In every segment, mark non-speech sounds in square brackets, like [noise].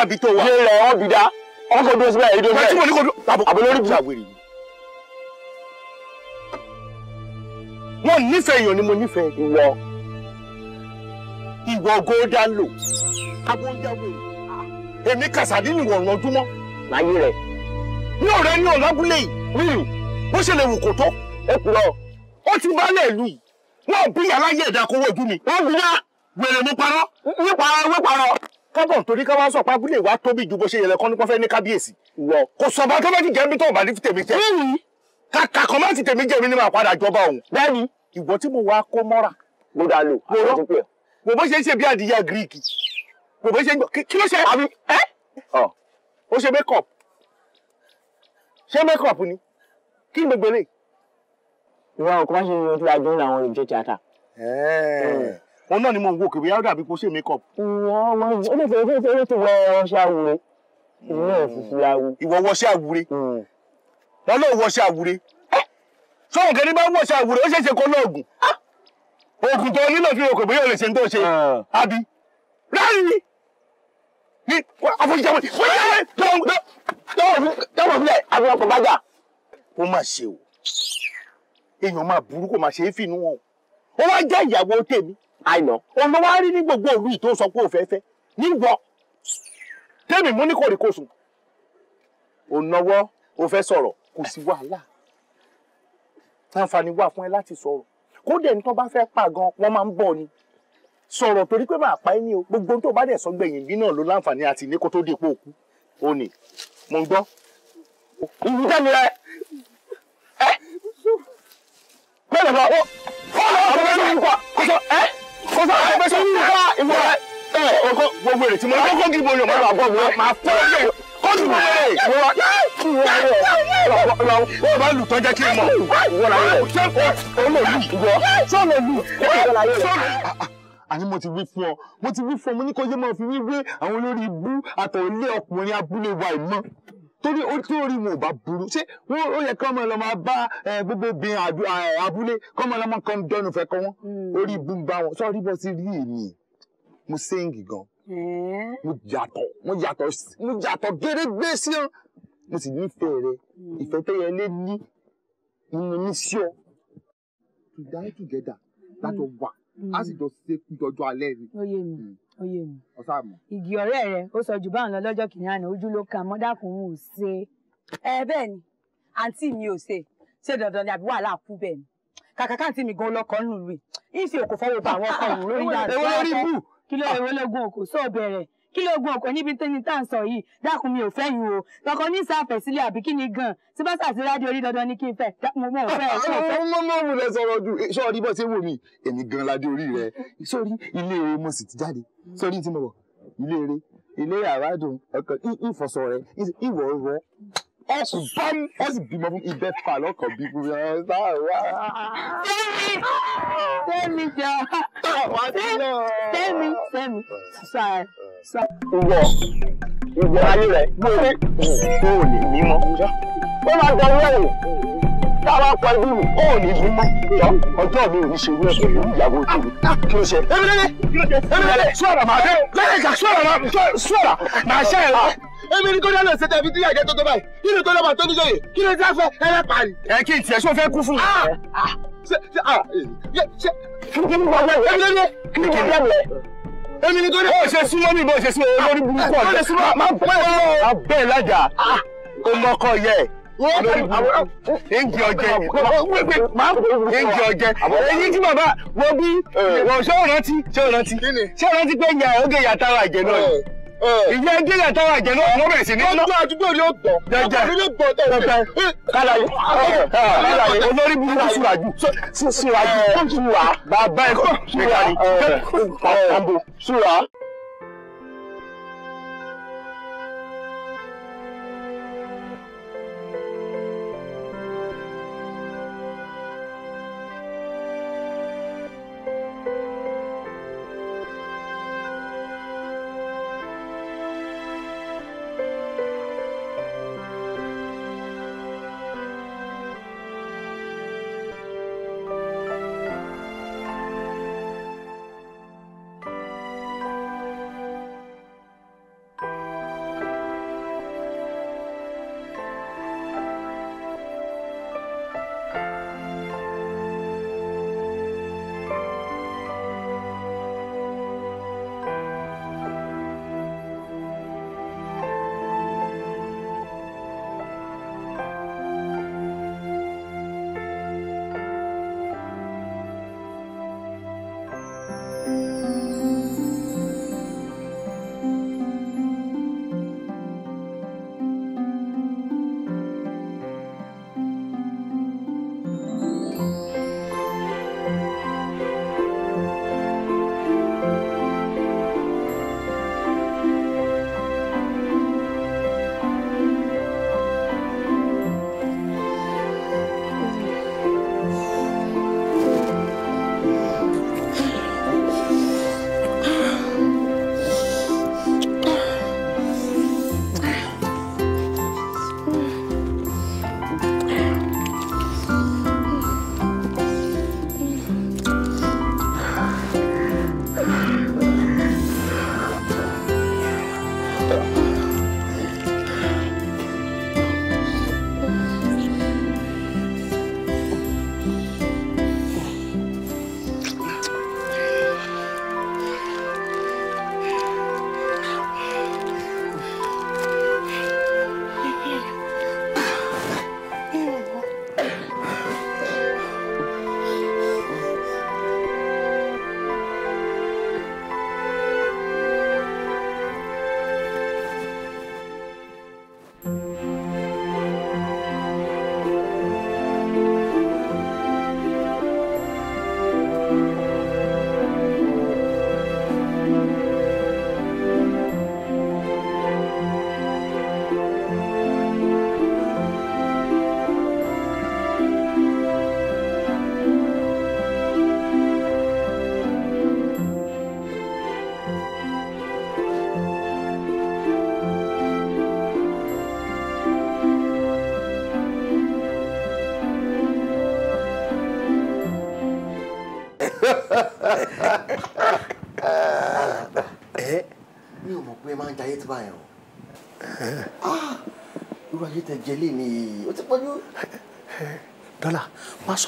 àbí tó wà. yé rẹ̀ ọ́ bìdá ọmọ kan dúró síbẹ̀ èyí dúró síbẹ̀. bẹ́ẹ̀ tí mo ní kò dúró. àbò lórí bùsà wèrè yìí. wọn nífẹ̀ẹ́ èèyàn ni mo nífẹ̀ẹ́ ìwọ ìwọ góódà lò agbóúnjẹ wèrè èmi kàsàdí ni wọ̀n lọ́dúnmọ́ láyé rẹ̀. ní ọ̀rẹ́ ní ọ̀làbúlé yìí bó ṣe lè wù kó tó. ẹ kúrò. ó ti bá lẹ̀ lù yìí wọn bí aláyé kówó ojú mi. wọn bí wá wèrè mi parọ́. wíparọ́ wíparọ́ kábọ̀ nítorí ká wá sọ pé abúlé wa tóbi ju bó ṣe yẹlẹ kán ní pọ́fẹ́ ní kábíyèsí. lọ kò sọ bá tó bá ti jẹ́mi tó ò bá ní fi tèmi jẹ. bẹ́ẹ̀ni. kàkà kan má ti tèmi jẹ mi ni màá padà jọba òun. bẹ́ẹ̀ni. ìwọ tí mo wá kó mọ́ra. mo dà lò àwọn tó pè. mo bó ṣe ń ṣe bí adìyẹ gíríìkì. mo bó ṣe ń gbọ kí ló ṣe. àbí ẹ. ọ ó ṣe makeup. ṣé makeup ni kí gbogbo lè. ìwà òkú má ṣe ojú ajé òun náà ni mo ń wo kìbí yàrá dàbí kó ṣe makeup. wọ́n wọ́n ó lè fẹ́ fẹ́ fẹ́ tó wọ ọṣẹ àwúre ìwọ òfìfì awo. ìwọ wọṣẹ àwúre wọn lọ wọṣẹ àwúre sọ̀rọ̀ kẹ́ni bá wọṣẹ àwúre ó ṣe é ṣe kó lọ́ọ̀gùn oògùn tó nílò fi òkè bóyá ò lè ṣe ń tó ṣe àbí ráyìí ní àfojúsọ wọn jáwé jáwé fúnlẹ̀ àfihàn kò bá jà. ó mà ṣe o èèyàn máa burú kó máa ṣe é fìnnú wọn o wá jẹ́ ìyàwó tèmi àìná òun ló wá rí ní gbogbo òlú yìí tó ń sọ pé òfẹ́fẹ́ níwọ tèmi mú ní kòríkòsùn òun náwó ó fẹ́ sọ̀rọ̀ kò sí wàhálà àǹfààní wà fún ẹ láti sọ̀rọ̀ kódà ní tó bá fẹ́ pa gan wọ́n máa ń bọ̀ ni sọ̀rọ̀ torí pé màá pa ẹ́ ní o gbogbo tó bá dẹ̀ sọ gbẹ̀yìn bí náà ló láǹfààní àti ní kó tó dé ipò òkú o nì mo ń gbọ́. ìjẹ́ni rẹ ẹ bẹ́ẹ̀ lọ́wọ́ ó ọ̀rọ̀ ọ̀rọ̀ ẹ̀ kò sọ àwọn ẹgbẹ́sọ̀ ìwà ìwà ẹ ọkọ gbogbo èrè tí mo lọ kó kí mo lè mọ àbọ̀ wọ máa fọ́ ẹ kó kí mo lè wọ lọ wọ bá lù tọ́jà kí n mọ̀ wọ la yẹ ṣé o lè lù wọ ṣé o lè lù wọ la yẹ àní mo ti wí fún ọ mo ti wí fún ọ mo ní kó yé máa fi wí wé àwọn olórí ibú àtọ̀lé ọkùnrin abúlé wa ìmọ̀ torí tí orí wọn ò bá burú ṣé wọn ó yẹ kí ọmọ ẹlọmọ bá gbogbo bin abúlé kí ọmọ ẹlọmọ kan dọnu fẹ kọ wọn hmm. orí ibú ń bá wọn sọ rí bọ sí rí èmi mo séǹgì gan mo yàtọ̀ mo yàtọ̀ mo yàtọ̀ gérégbé sí ọ mo sì nífẹ̀ẹ́ rẹ hmm. ìfẹ́ tó yẹ lé ní mo ní sí ọ to die together that was one á sì hmm. jọ ṣe kú dọjọ́ alẹ́ ni. ó hmm. yé mi ó yé mi. ọ̀sán àmọ́. ìgì ọ̀rẹ́ rẹ ó sọ jù báwọn lọ lọ́jọ́ kìnìún àná ojú ló kan mọ́dàkùn ò ṣe. ẹ bẹ́ẹ̀ ni àǹtí mi ò ṣe ṣé dandan ni àbí wàhálà kú bẹ́ẹ̀ ni kàkà káàntì mi gan lọkọ nù ìṣe òkò fọwọ́ bá àwọn ọkọ òun lórí ìyá rẹ. lórí bù kí ló ewé lógún òkò sóò bẹ̀rẹ̀ kí ló gun ọkọ níbi tó ní tá à ń sọ yìí dákun mi ò fẹ́ yín o tọkọ ní sáfẹ̀ sílẹ̀ àbí kí ni gan tí bá sàti rádìó orí dandan ní kí n fẹ́ mo mọ̀ fẹ́ ẹ̀ mo mọ̀ wulẹ̀ sọ̀rọ̀ ju sọ́ọ̀rí bọ́ sí wò mí èmi gan ládé orí rẹ sórí ilé eré mo sì ti jáde sórí tí mo wọ̀ ilé eré ilé àràádùn ẹ̀kọ́ ìfọ̀sọ̀ rẹ ìwọ̀ rẹ ọ̀sùn bá mi wọ́n sì bímọ fún ibẹ̀ fà lọ́kọ̀ bí fún mi ọ̀hún sáà wá. Sẹ́mi Sẹ́mi jọ Sẹ́mi Sẹ́mi sọ̀rọ̀ ìwọ ìwọ ayé rẹ lórí o ò ó máa jọ lẹ́yìn tá a bá pa ibi mi ó ò ọjọ́ mi ò ní ṣe wúlò pẹ̀lú ìyàwó tèmi kí ló ṣe. emirele emirele sọ̀rọ̀ màá dé lẹ́yìnká sọ̀rọ̀ màá sọ̀rọ̀ màá ṣe é. èmi ni kódà lè ṣe tẹ̀bi tí yàgẹ́ tó báyìí kí ni kódà máa tó níjọ́ yìí kí ni tí a fẹ́ ẹlẹ́pàá ni. ẹ kí n tiẹ̀ sọ fẹ́ kú fún mi. ṣe ṣe ṣe ṣe kí ni wọ́n yẹ èmi ni torí. ó ṣe súnmọ́ mi bó ṣe súnmọ́ olórí burúkú ọ̀dọ́ máa pẹ́ ọ́ abẹ́ ìlàjà ah. ó mọ́kọ́ yẹ ẹnjẹ ọjẹ máa ẹnjẹ ọjẹ èyí tí bàbá wọ bí eh. wọ ṣé ò rántí ṣé ò rántí ṣé ò rántí pé ẹnjẹ àwọn oge yàtọ̀ àjẹ Eh. ìyá ẹdí rẹ̀ tọ́wọ́ ẹ̀jẹ̀ náà wọ́n bẹ̀rẹ̀ sí ní. ọjọ́ àdúgbò ni ó tọ̀. jẹjẹ pẹpẹ kalaye kalaye olórí burúkú suraju suraju sura bàbá ẹ kọ́ sura ni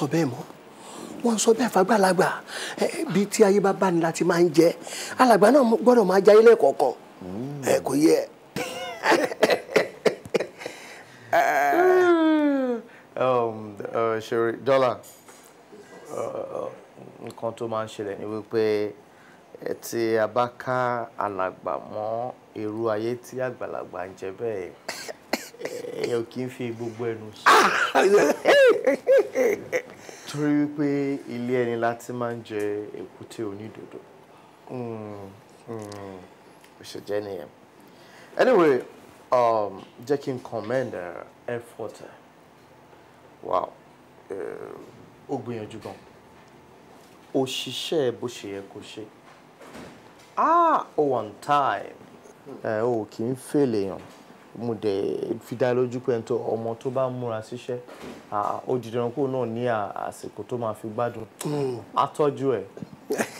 sọ bẹ́ẹ̀ mọ́ wọ́n sọ bẹ́ẹ̀ fàgbàlagbà bíi tí ayé bá bá ni láti máa ń jẹ alàgbà náà gbọ́dọ̀ máa jayé lẹ́ẹ̀kọ̀ọ̀kan mm. ẹ kò yẹ. [laughs] Um, uh, ṣeré dọ́là uh, uh, nǹkan tó máa ń ṣẹlẹ̀ ni wípé tí a bá ká alàgbà mọ́ irú ayé tí àgbàlagbà ń jẹ bẹ́ẹ̀ Eh, ẹ ò kí ń fi gbogbo ẹnu sọ ah! [laughs] torí wípé ilé ẹni láti máa ń jẹ èkúté onídòdó hmm, hmm, ó ṣe jẹ́ nìyẹn anyway um, jẹ́ kí n commend uh, effort ẹ̀ wow eh, ó gbìyànjú gan ó ṣiṣẹ́ bó ṣe yẹ kó ṣe ah ó on time ẹ eh, ò kì í fèlè yàn mo dẹ̀ fi dá lójú pé ẹni tó ọmọ tó bá múra síṣẹ́ ó di dandan kó náà ní àsìkò tó máa fi gbádùn á tọ́jú ẹ̀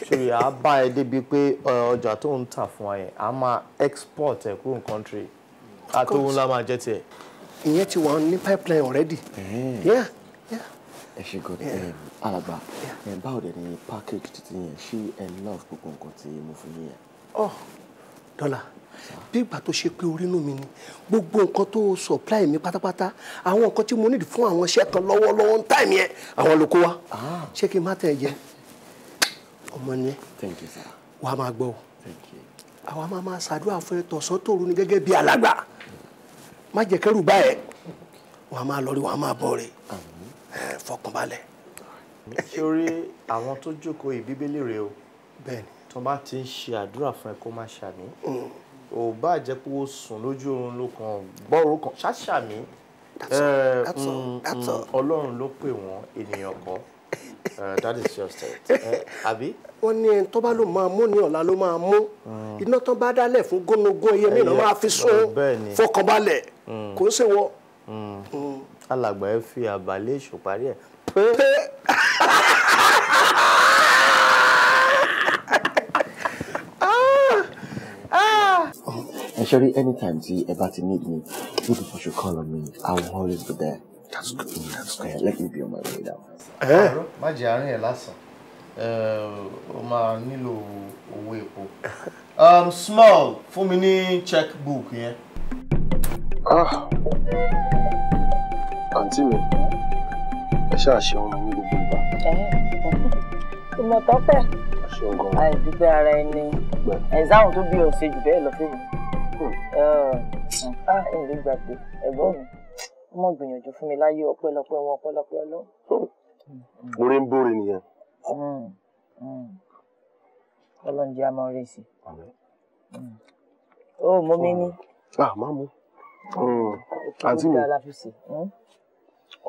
ṣòrí bá ẹ débi pé ọjà tó ń tà fún ẹ á máa export ẹ kúrò country ká tó ń lá máa jẹ tiẹ̀. ìyẹn ti wà ní pipeline already. yeah yeah. ẹ ṣe gan alàgbà báwo dẹ̀ ni package titi yẹn ṣé ẹ love gbogbo nǹkan tí mo fún yín yẹn. ọ oh, dọ́là bí ìgbà tó ṣe pé orínú mi ni gbogbo nǹkan tó supply mi pátápátá àwọn nǹkan tí mo need fún àwọn iṣẹ́ kan lọ́wọ́lọ́wọ́ ń time yẹn àwọn ló kó wa ah. ṣé kí n má tẹ̀ ẹ jẹ ọmọ ni wà á máa gbọ́ o àwa máa máa ṣàdúrà fún ẹ tọ̀sán tòru ni gẹ́gẹ́ bí alàgbà má jẹ́ kẹ́rù bá ẹ wà á máa lọ rí wà á máa bọ̀ rẹ fọkànbalẹ̀. sórí àwọn tó jókòó ìbíbélì rèé o bẹ́ẹ̀ni tó bá ti ń ṣe àdúrà fún ẹ kó má ṣàmì ò bá jẹ́ pé ó sùn lójú oorun ló kàn gbọ́rọ̀ kan ṣáṣàmì ọlọ́run ló pè wọ́n ènìyàn kan eh, that is just it [laughs] eh, àbí. wọ́n ní ẹni tó bá ló máa mú ní ọ̀la ló máa mú mm. iná tó bá dálẹ̀ fún gónogó eyín mi eh, náà máa fi sún fọkànbalẹ̀ mm. kò ń ṣe wọ. Mm. alàgbà ẹ fi àbálẹ̀ ìṣòparí ẹ̀ pé. Sherry, anytime see, ẹ to ti need me, you people should call on me. I will always be there. That's good. Mm, that's good. Let me be on my way down. Eh? Má jẹ́ àárín ẹ̀ lásán. O máa nílò owó epo. Um, small fún mi ní checkbook yẹn. Ah! Àǹtí mi, ẹ ṣáà ṣe ohun mi ní gbogbo ìgbà. Eh, Ìmọ̀tọ́pẹ̀. Àìdúgbẹ́ ara ẹni. Ẹ̀záhùn tó bí òun ṣe jù bẹ́ẹ̀ lọ fún mi. Hmm, eh, ah, ǹdí gbàgbé ẹ̀gbọ́n mi ọmọ gbìyànjú fún mi láyé ọpẹ́lọpẹ́ wọn ọpẹ́lọpẹ́ lọ. Hmm, hmm. orí ń bóre nìyẹn. ọlọ́run jẹ́ àmọ́ rẹ̀ sí. ó oh, ah, mú mi ní. à má mú. àǹtí mi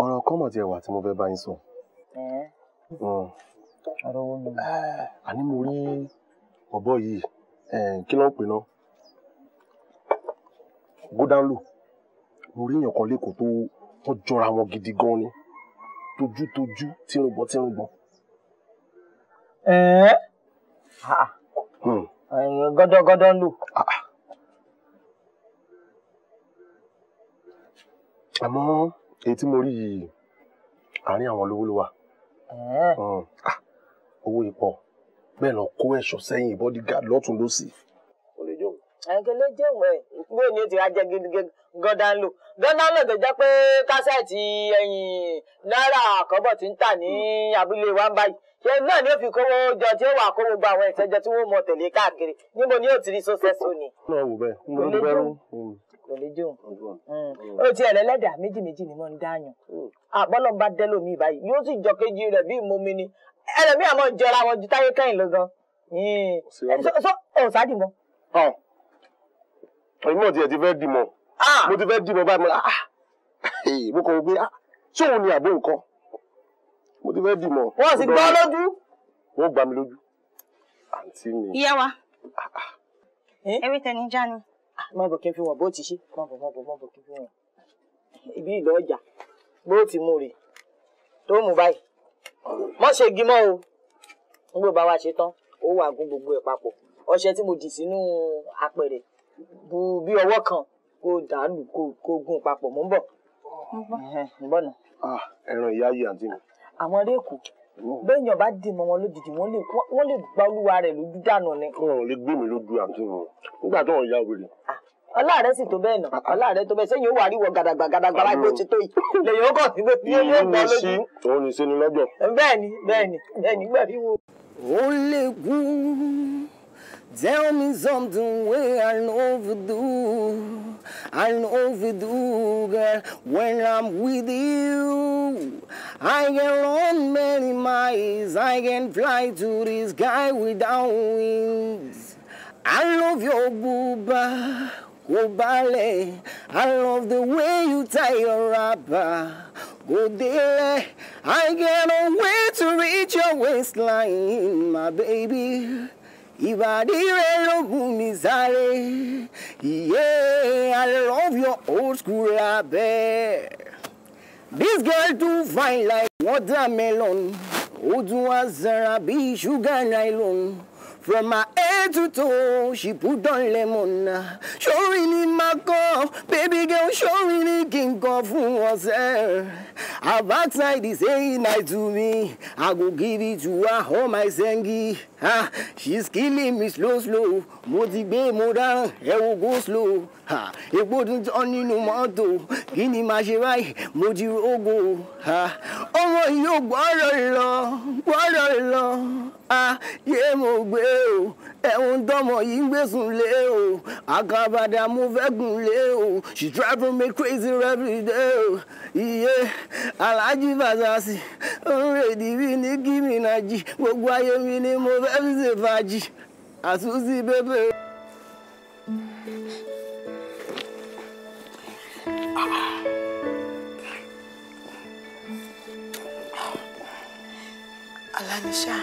ọ̀rọ̀ kan mà tiẹ̀ wà tí mo fẹ́ bá yín sọ. Eh? ọ̀rọ̀ wo ni. Ah, àní mo rí ọ̀bọ yìí eh, kí ló ń pè náà go down gúdánlò mo rí èèyàn kan lẹ́kọ̀ọ́ tó tó jọra wọn gidi gan ni tójútójú tírùngbọ̀n tírùngbọ̀n. ẹ̀ẹ́ ah, ah. hmm. gọ́dọ̀gọ́dọ̀ ń lò. Ah, àmọ́ èyí tí mo rí yìí àárín àwọn olówó ló wà. Hmm. owó ipò bẹ́ẹ̀ lọ kó ẹ̀ṣọ́ sẹ́yìn bodyguard lọ́tún lọ́sì ẹ̀kẹ́lẹ́ jẹ́ ìwọ̀n ẹ̀ ni ó ti ra jẹ́ gọ́dánlò gọ́dánlò tó jẹ́ pé kásẹ̀tì ẹ̀yìn náírà àkọ́bọ̀ ti ń tà ní abúlé wa báyìí ṣé náà ni ó fi kówó jọ tí ó wà kówó gba àwọn ìṣẹ́jọ tí wọ́n mọ tẹ̀lé káàkiri níbo ni ó ti rí sọ́sẹ́sọ ni. náà wò bẹ́ẹ̀ mo ló bẹ́ẹ̀ kò lè jẹun ó mm. ti ẹ̀rẹ́ lẹ́dà méjì méjì ni wọ́n ń dáyàn àbọ́lọ́ ń bá dẹ́lò mi báyìí yóò sì jọ kejì rẹ̀ bí ìmomi ni ẹlẹ́mìí àmọ́ jọra wọn ju táyé kẹ́yìn lọ gan. ọ̀sádìmọ́ èmi náà tiẹ̀ ti fẹ́ dìmọ̀ ah! mo ti fẹ́ dìmọ̀ báyìí mo rà ah, mo kàn gbé ah ni àbó nǹkan mo ti fẹ́ dìmọ̀. wọ́n sì gbọ́ lójú. wọ́n gbà mí lójú àǹtí mi. ìyá wa ah, ẹ̀rí tẹni já ni. má bọ̀ kí n fi wọ̀n bó ti ṣe má bọ̀ má bọ̀ má bọ̀ kí n fi wọ̀n. ìbí ìlú ọjà bó ti mú rè tó mú báyìí mọ́ ṣe gímọ́ o nígbà bá wa ṣe tán ó wà gún gbogbo ẹ̀ papọ̀ ọṣẹ tí mo dì sínú apẹ̀rẹ̀ bu bí ọwọ́ kan kó dàálù kó gún papọ̀ mò ń bọ̀ ń bọ̀ náà. ẹran ìyá yìí àǹtí mi. àwọn eré èkó béèyàn bá dì mọ́ wọn lójijì wọ́n lè wọ́n lè gba olúwa rẹ̀ lójú dànù ni. wọn ò lè gbé mi lójú àǹtí mi nígbà tó ń ya wèrè. ọláàrẹ sì tó bẹ́ẹ̀ nà ah, ah. ọláàrẹ tó bẹ́ẹ̀ sẹ́yìn ó wà ríwọ gàdàgbà gàdàgbà láì pé tó yìí lèyìn ó kàn sí pé bí ó lè lójú. òun ní sí ni lọ́jọ́. bẹ́ẹ̀ni bẹ́ẹ̀ni bẹ́ẹ̀ni gbẹ̀ríwò. ó lè gún Tell me something um where I'll overdo. I'll overdo, girl, when I'm with you. I can run many miles, I can fly to the sky without wings. I love your booba, go ballet. I love the way you tie your wrapper, go daily. I can't wait to reach your waistline, my baby. Ìbàdí rẹ̀ ló gùn mí sáré. Yeah, I love your old school abẹ́. This girl do fine like watermelon. Ojú azara, zara sugar nylon. From my head to toe, she put on lemon. Ṣorin ni my kọ́, baby girl ṣorin ni kí n kọ́ fún ọ̀sẹ̀. Her backside is saying nice to me, I go give it to her all my sengi she's killing me slow slow mo ti gbé mo dáràn ẹ wo go slow epo tún tán nínú mọ́tò kí ni màá ṣe báyìí mo ti rógo ọmọ yìí ò gbọ́dọ̀ lọ gbọ́dọ̀ lọ yé mo gbé o ẹ̀hún tọmọ yìí ń gbèsùn lé o àkàbàdà mo fẹ́ gùn lé o she driving me crazy every day o iye alhaji fasasi ń rèdí bí ní kí mi náà jí gbogbo ayé mi ni mo fẹ́. Asuzi Faji, Asuzi Bebe. Alanisha.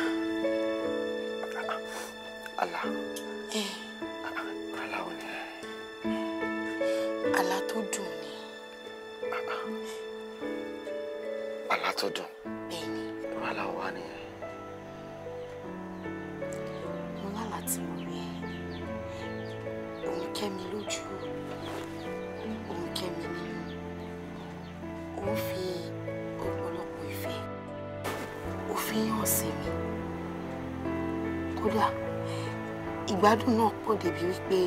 Ala. Eh. Ala ò ní. Ala tó dùn ni. Ala tó dùn. Bẹ́ẹ̀ni. Ala wà tí mo rí òun kẹ́ mi lójú òun kẹ́ mi nínú òun fi ọ̀pọ̀lọpọ̀ ìfẹ́ òfin hàn sí mi kódà ìgbádùn náà pọ̀ débi wípé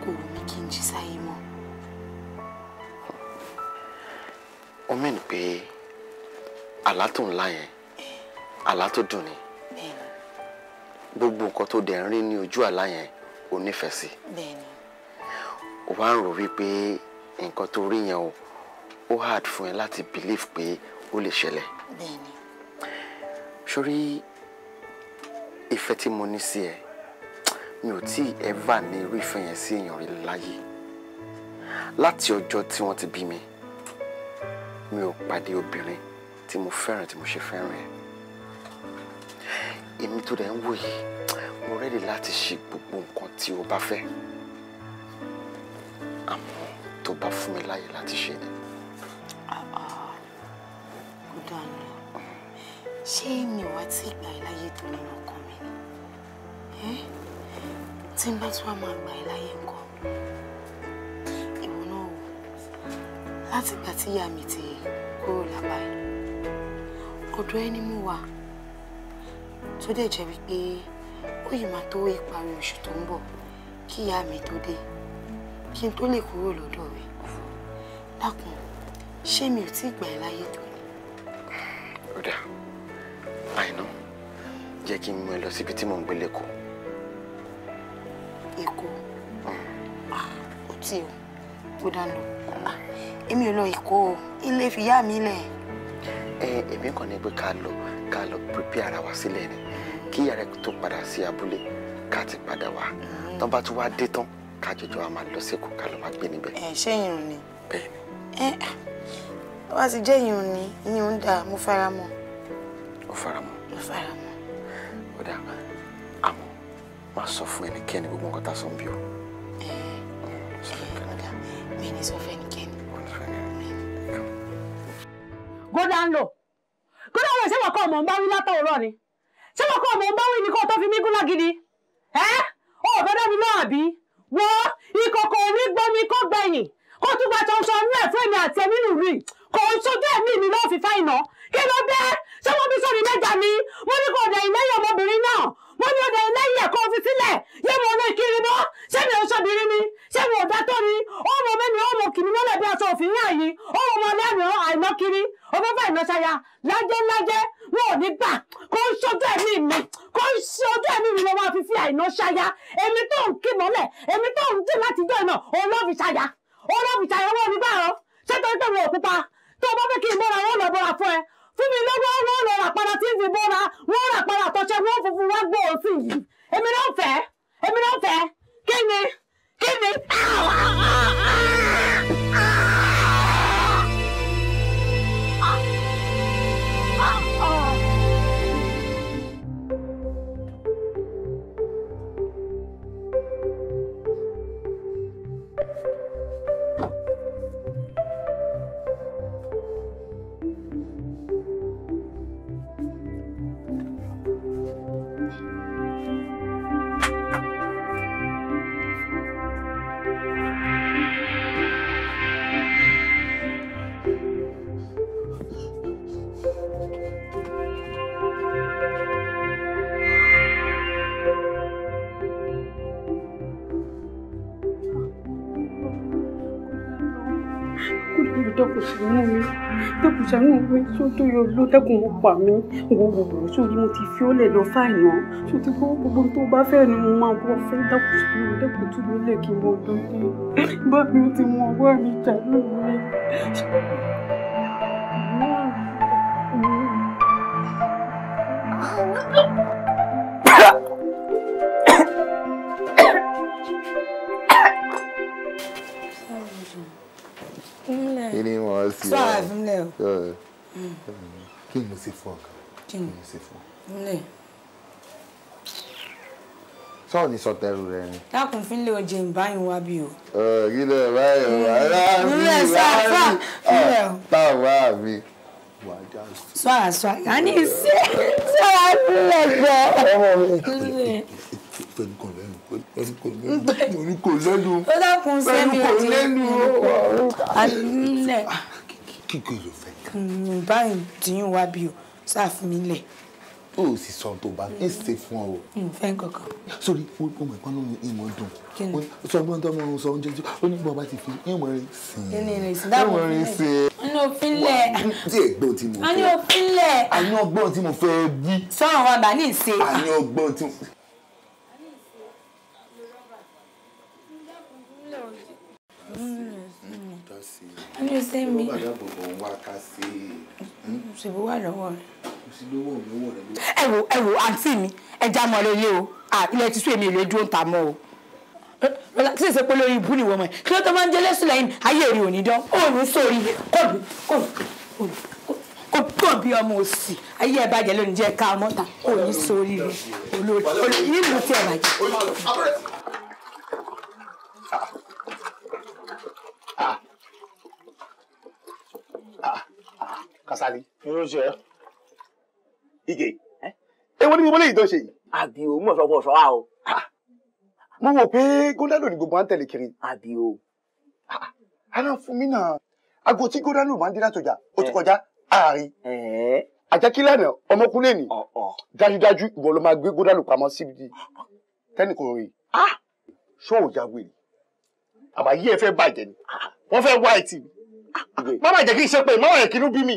kò wù mí kí n jí sáyé mọ́. ó mẹ́ni pé àlá tó ńlá yẹn àlá tó dùn ni gbogbo nǹkan tó dẹ̀ ń rí ní ojú àlá yẹn o nífẹ̀ẹ́ sí. bẹ́ẹ̀ni. o wá ń rò wípé nǹkan tó rí yẹn o ó hard fún ẹ láti believe pé ó lè ṣẹlẹ̀. bẹ́ẹ̀ni. sórí ìfẹ́ tí mo ní sí ẹ mi ò tí ever ní irú ìfẹ́ yẹn sí èèyàn rí láyé láti ọjọ́ tí wọ́n ti bí mi mi ò pàdé obìnrin tí mo fẹ́ràn tí mo ṣe fẹ́ràn ẹ̀ èmi tó dẹ̀ ń wò yìí mo rẹ́dí láti ṣe gbogbo nǹkan tí o bá fẹ́ àmọ́ tó bá fún mi láyè láti ṣe ni. ọ̀dọ́ àná ṣé mi wá tí ìgbà ìláyè tó nínú ọkàn mi ni tí n bá tún wá máa gbà ìláyè nǹkan ìwọ náà wò látìgbà tí ìyá mi ti kúrò lábàáyé ọ̀dọ̀ ẹni mú wa tó dẹ̀ jẹ́ wípé ó yìí máa tó ìparí oṣù tó ń bọ̀ kí ìyá mi tó dé kí n tó lè kúrò lọ́dọ̀ rẹ̀ dákun ṣé mi ò tí ì gbà ẹ́ láyé tó ni. ó dà àìná jẹ́ kí n mú ẹ lọ síbi tí mò ń gbé lẹ́kọ̀ọ́. èkó hmm. ó tì ó ó dáná èmi ò lọ èkó ilé fi yá mi lẹ̀. ẹ èmi kàn ní pé ká lọ ká lọ pèpè ara wa sílẹ̀ ni kí ìyàrá tó padà sí abúlé ká ti padà wá mm. tán bá tún wá dé tán ká jọjọ a máa lọ sẹ́kọ̀ọ́ ká lọ máa gbé níbẹ̀. ẹ ṣé ìyún ni. bẹ́ẹ̀ ni. ẹ wá ah, ti jẹ́ ìyún ni ìyún ń dà mo fara mọ́. o fara mọ́. mo fara mọ́. ó dà àmọ́ máa sọ fún ẹnikẹ́ni gbogbo nǹkan tá a sọ ń bí ọ. ẹ ẹ mi ni sọ fún ẹnikẹ́ni. gòdà ń lò gòdà wọ̀ ṣé wọ́n kọ́ ọmọ ń bá wí látọ̀ òrọ̀ ni ṣé mo kọ́ ọmọ bá wí ni kó o tó fi mí gún lágidi ẹ́ o ò fẹ́ dá mi náà bí wo ìkòkò orí gbomi kó gbẹ̀yìn kó tún gba ṣọṣọ inú ẹ̀ fún èmi àti ẹ̀mí nù rí kò ń sojú ẹ̀mí mi ló fi fa iná kí ló dé ṣé mo fi sórí mẹ́ta ni mo ní kò dẹ̀yìn lẹ́yìn ọmọbìnrin náà wọ́n ní ọ̀dọ̀ ẹlẹ́yìn ẹ̀kọ́ fi sílẹ̀ yé mo ní kiri mọ́ ṣé mi ò ṣọ́bìrin ni ṣé mi ò dátọ́ ni ọmọ mi ni ọmọ kìnnì mọ́lẹ̀ bí aṣọ òfin yàn yìí ọmọ ọmọ lẹ́nu àìmọ́ kiri ọfẹ́fẹ́ ìnáṣayá lájẹ́ lájẹ́ wọn ò ní gbà kó ń ṣojú ẹ̀mí mi kó ń ṣojú ẹ̀mí mi lọ́wọ́ fi sí àìnáṣayá èmi tó ń kí mọ́lẹ̀ èmi tó ń dì láti jọ ìnà olófìṣayá olófìṣayá wọn ò ní gbà rán ṣé torí pé wọn ò pupa tó o bá fẹ́ kí n bọ́ra wọn lọ bọ́ra fún ẹ fún mi lọ́wọ́ wọn lọ rà padà tí ń fi bọ́ra wọn rà padà tọ́ṣẹ́ wọn funfun wá gbọ́ òsì yìí èmi náà fẹ́. tó tó yọ ló tẹ́kùn ó pa mí wòwòwò sórí mo ti fi ó lẹ̀ lọ fáìnà tó ti kó gbogbo tó bá fẹ́ ni mo máa wọ́ fẹ́ dákun sí mi dẹ́kun tú mi kí n mọ ọdún bá mi ti mọ ọwọ́ mi jà lóore. ṣe fún ọkàn kí ni ṣe fún. nílẹ̀. sọ́ọ̀ ni sọtẹ́rù rẹ ni. dákun fínlẹ̀ oje ń báyìí wá bí o. ìrìlẹ̀ báyìí wà láàrin ìrìlẹ̀ sáfà fúnlẹ̀ o. báwa mi wà á já sí. sọ àṣọ àní ṣé ṣé wàá fúnlẹ̀ gbọ́. ọmọ mi fẹ́ẹ́ kọ̀ lẹ́nu mo ní kò lẹ́nu ó dákun sẹ́mi ò ti lẹ́nu ó wà ó. kíkì ló f Ibrahim tìyún wá bí o sáàfù mi lẹ̀. o ò sì sọ tó bá ẹ ṣe fún ọ. n fẹ́ kankan. sórí o mọ̀ ìpanu mi ìmọ̀ dùn sọ ọgbọ́n tó mọ̀ sọ oúnjẹ ó ní bọ́ọ̀ bá ti fi ìmọ̀ rẹ sí i. ìmọ̀ rẹ sí i. ní òfinlẹ̀. tí ègbọ́n tí mo fẹ́. àní òfinlẹ̀. àní ọgbọ́n tí mo fẹ́ yí. sọ́run wa bá ní ìṣe. àní ọgbọ́n tí mo. Mm sí i. ẹni ṣe mi. ló bàdá bòbò ń wá ká sí i. òṣèlú wà lọ́wọ́ rẹ̀. òṣèlú wò mí wò rẹ̀ mi ẹ já mọ́ lélẹ́ o ilẹ̀ ti sún èmi ìlú dúró ń ta mọ́ o. kí ṣe pé lórí ìbúlì wọ́n mọ̀ kí ló tó máa ń jẹ́ lẹ́sùn lẹ́yìn ayé rí òní dán ó ní sórí kọ́ọ̀bù kọ́ọ̀bù kò ọmọ òsì ayé ẹ bàjẹ́ lónìí jẹ́ ká ọmọ ta kò ní sórí rẹ olórí nílùú tí ẹ bàjẹ́. Kasali. Irú ṣe ẹ́. Ige. Ewo ni mo mọ́lẹ́ yìí tó ṣe yìí. Àbí o, mo sọ fún ọ̀ṣọ́ wa o. Mo wò pé Gódálò ni gbogbo à ń tẹ̀lé kiri. Àbí o. Ara fún mi náà. Aago tí Gódálò máa ń dé látọjà, ó ti kọjá ààrin. Àjẹkílẹ̀ náà, ọmọkùnrin ni. Dájúdájú ìwọ ló máa gbé Gódálò pamọ́ síbi tẹ́nì kò rìn. Ṣé ò jágbe ni? Àbáyé ẹ fẹ́ bàjẹ́ ni. Wọ́n fẹ́ wá ẹtì. Má bàjẹ́ kí n ṣe pé ìmọ̀ràn ẹ̀kínú bí mi.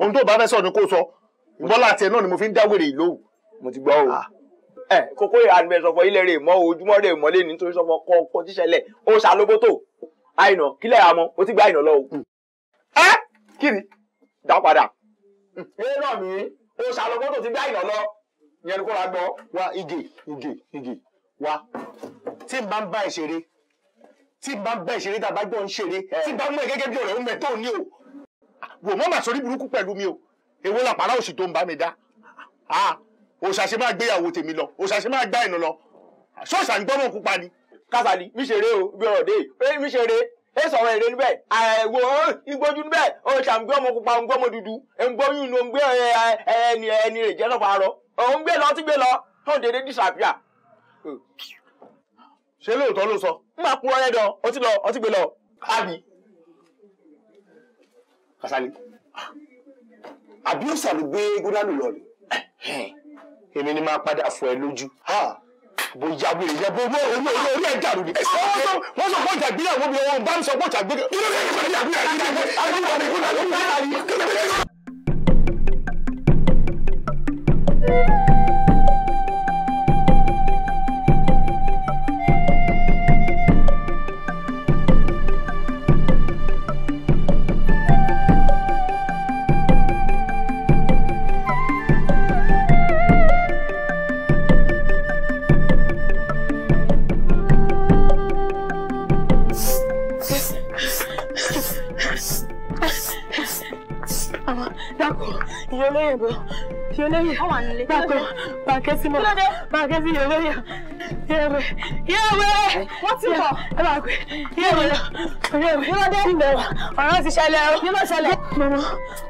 ohun tó bá fẹ́ sọ ni kó sọ bọ́lá tiẹ̀ náà ni mo fi ń dáwèrè ìlóhùn. mo ti gbọ́ o ah. ẹ kókó àdìmẹ̀ sọ̀fọ̀ ilẹ̀ rẹ̀ mọ́ ojúmọ́ rẹ̀ mọ́lẹ̀ nítorí sọ̀fọ̀ kọ́ ọkọ̀ tíṣẹlẹ̀ ó ṣàlóbótò àìnà kílẹ̀ àmọ́ ó ti gbá àìnà lọ o. Hmm. ẹ kiri dá padà. eré hmm. náà mi ó ṣàlóbótò ti gbá àìnà lọ yẹn ni kó ra gbọ́. wa ige ige ige wa tí n bá ń bá ẹ ṣeré tí n bá ń bá ẹ ṣeré tàbá jọ ń ṣeré tí n bá ń mú ẹ gẹ́gẹ́ bí ọ̀rẹ́ ń mẹ tó ní o wò mọ́ màsórí burúkú pẹ̀lú mi o èwo la pàrà òsì tó ń bá mi dá òṣàṣe máa gbéyàwó tèmi lọ òṣàṣe máa gbá ìnà lọ ṣọ́ọ̀ṣà ń gbọ́mọ̀ pupa ni. Kásálí mi ṣeré o bí ọ̀rọ̀ dé yìí mi ṣeré ẹ sọ̀rọ̀ èrè níbẹ̀ àìwò ìgbójú níbẹ̀ òṣà ń gbé ọmọ pupa ń gbé ọmọ dúdú ń gbóyún ló ń gbé ẹni ẹni rè jẹ́ lọ́pàá rọ òun gbé lọ tí gbé lọ tóun dédé dìsàpíà. ṣé lóòótọ́ ló sọ. ń máa kú ọ̀rẹ́ dán ọtí lọ ọtí gbé lọ. àbí Kasali àbí ó ṣàlùgbé gúdánù lọ ni. èmi ni máa padà fọ ẹ lójú. bó ya wèrè yẹ bó wọ orí orí orí ẹ dàrú ni. wọ́n sọ pé ọjà gbéyàwó mi ọ̀hún bá mi sọ pé ọjà gbéyàwó mi ọ̀hún bá mi sọ pé ọjà gbéyàwó mi ọ̀hún. lóyún kọ́ wà nílé. bàkọ bàkẹ́ sí mọ́ bàkẹ́ sí yẹ̀wé yẹ̀wé yẹ̀wé wọ́n ti kọ̀ ẹ bá pè yẹ̀wé yẹ̀wé yọ̀dẹ́ ìmẹ̀wà ọ̀rọ̀ ti ṣẹlẹ̀ o. yọ̀dẹ́ ṣẹlẹ̀. mọ̀mọ́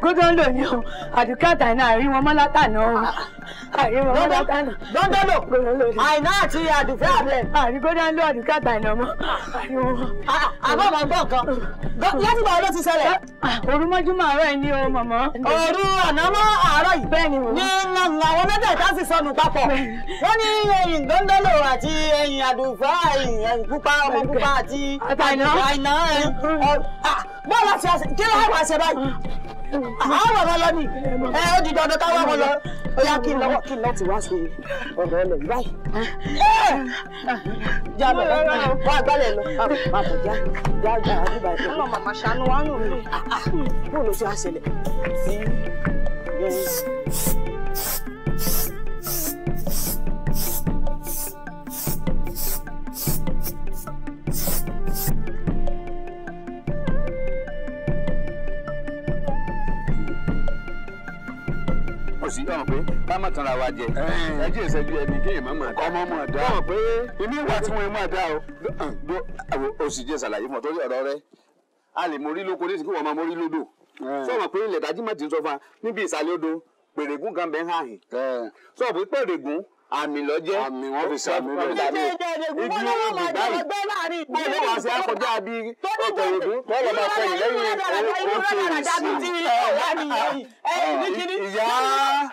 gógó ń lò ní o àdùkẹ́ àtàná àrí wọn mọ́ látàná o dọ́ndọ́lò àìná àti àdùfẹ́ àbẹ̀. àrígbó dánlò àdùkẹ́ àtàìná mọ́. àbọ̀ máa ń bọ̀ kan láti gbà ló ti ṣẹlẹ̀. òru mọ́júmọ́ àárọ̀ yìí ni o mọ̀mọ́. òru ànámọ́ àárọ̀ yìí. bẹ́ẹ̀ ni mo. ní àwọn mẹ́tẹ̀ẹ̀ta sì sọnù papọ̀. wọ́n ní ẹyin dọ́ndọ́lò àti ẹyin àdùfẹ́ ẹyin pupa ọmọ pupa àti àìná. bọ́ọ̀lù àti kí ló wà ṣe báyìí. Ah, àwọn ọ̀rọ̀ lọ ni ẹ ó di dandan káwọn ọmọ lọ ó yá kí n lọ́wọ́ kí n láti wá sí ọ̀rọ̀ ẹ lọ báyìí. Eh! já lọ wá gbálẹ̀ lọ má bọ̀ já já já àdúgbà ẹ̀ lọ màmá ṣàánú wa nù mí. bóòlù tí wàá sí. dọ̀wọ̀n pé ká má tanra wa jẹ ẹjẹ ìṣẹ́jú ẹni kí èèmọ̀ máa dá ọmọ máa dá dọ̀wọ̀n pé inú ìwà tí wọ́n máa dá o o sì jẹ́ ṣàlàyé mọ̀ torí ọ̀rọ̀ rẹ a lè mórí lóko ní ti kí wọ́n máa mórí lódò sọ̀rọ̀ pé ilẹ̀ dájú mọ̀ ti ń sọ fún wa níbi ìsàlẹ̀ odò pèrègùn kan bẹ́ẹ̀ hàn yìí sọ̀rọ̀ pé pèrègùn àmì lọ́jẹ́ àmì wọn fi sàmì rẹ̀ dàbí igi oògùn báyìí báyìí ní kíní. ìyá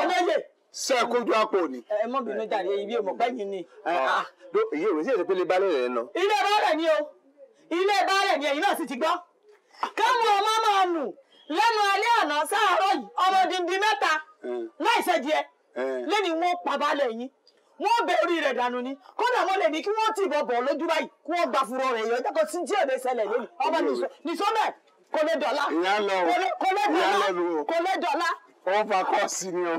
ọlọ́yẹ̀. ṣe é kójú apò ni. ẹ mọ bínú jàre ibi èèmọ̀ pẹ́yìn ni. iye ah, ah, ah. òwe sí èsè pélé balẹ̀ rẹ̀ lọ. ilé balẹ̀ ni o ilé balẹ̀ ni ẹ̀yin náà sì ti gbọ́. káwọn ọmọ máa nù lẹ́nu alẹ́ àná sáàárọ̀ yìí ọmọ dindin mẹ́ta hmm. láì ṣẹ́jẹ́ hmm. lẹ́ni wọn pa balẹ̀ yín wọn bẹ orí rẹ dànù ni kódà wọn lè ní kí wọn tìbọn bọ lójú báyìí kí wọn gbà fúnra rẹ yọ jẹ kó sí díẹ̀ lè ṣẹlẹ̀ lónìí ọmọ nìṣó bẹ́ẹ̀ kò lè dọ̀la kò lè dọ̀la kò lè dọ̀la. wọ́n fa kọ́ sí ni o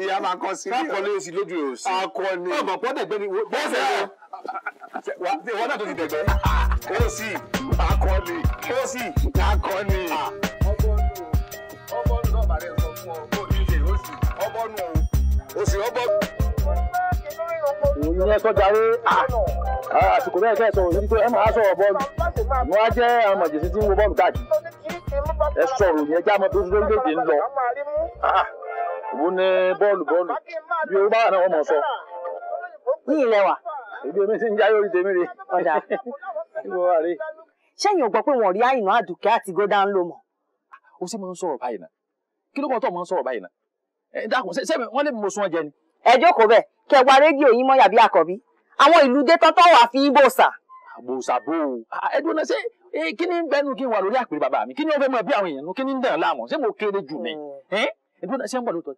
ìyá máa kọ́ sí ni o. káàkọ́ lóyún sí lójú rẹ̀ sí. akọni ọmọ pọ́n dẹ̀gbẹ́ ni wọ́n fẹ́ lọ. wọ́n náà tó ti dẹ̀gbẹ́. ó ah, sì akọni ó sì akọni. Ah. ọbọ̀nù náà bàrẹ̀ sọ fún ọ kó o ní ṣe ó sì ọbọ̀nù o sì ọbọ̀nù. òun ni ẹ Ah, àsìkò náà kẹsàn òyìn tó ẹ máa sọ̀rọ̀ bọ́ọ̀lù wọn á jẹ́ àwọn màjèsí tí ń wo bọ́ọ̀lù káàkiri ẹ sọ̀rọ̀ yẹn já mọ́ tó fi lórílẹ̀ ń lọ òun ah, ní bọ́ọ̀lù bọ́ọ̀lù yorùbá náà wọ́n mọ̀ sọ. ní ilẹ̀ wa. èdè mi ti ń jáyé orí tèmi rè. ọ̀dà sẹ́yìn [laughs] ò gbọ́ pé wọ́n rí àyìnà àdùkẹ́ àti gọ́dá ń ó sì máa ń sọ̀rọ̀ báyìí àwọn ìlú dé tọ́tọ́ wà fi ibo sà. àbòsàbò ẹgbẹ́ náà ṣé kí ni bẹnu kí n wà lórí àpèrè bàbá mi kí ni ó fẹ́ mọ bí àwọn èèyàn nu kí ni ń dàn láàmú ṣé mo kéré jù ni ẹgbẹ́ hmm. náà ṣé ń bọ̀ lóòótọ́.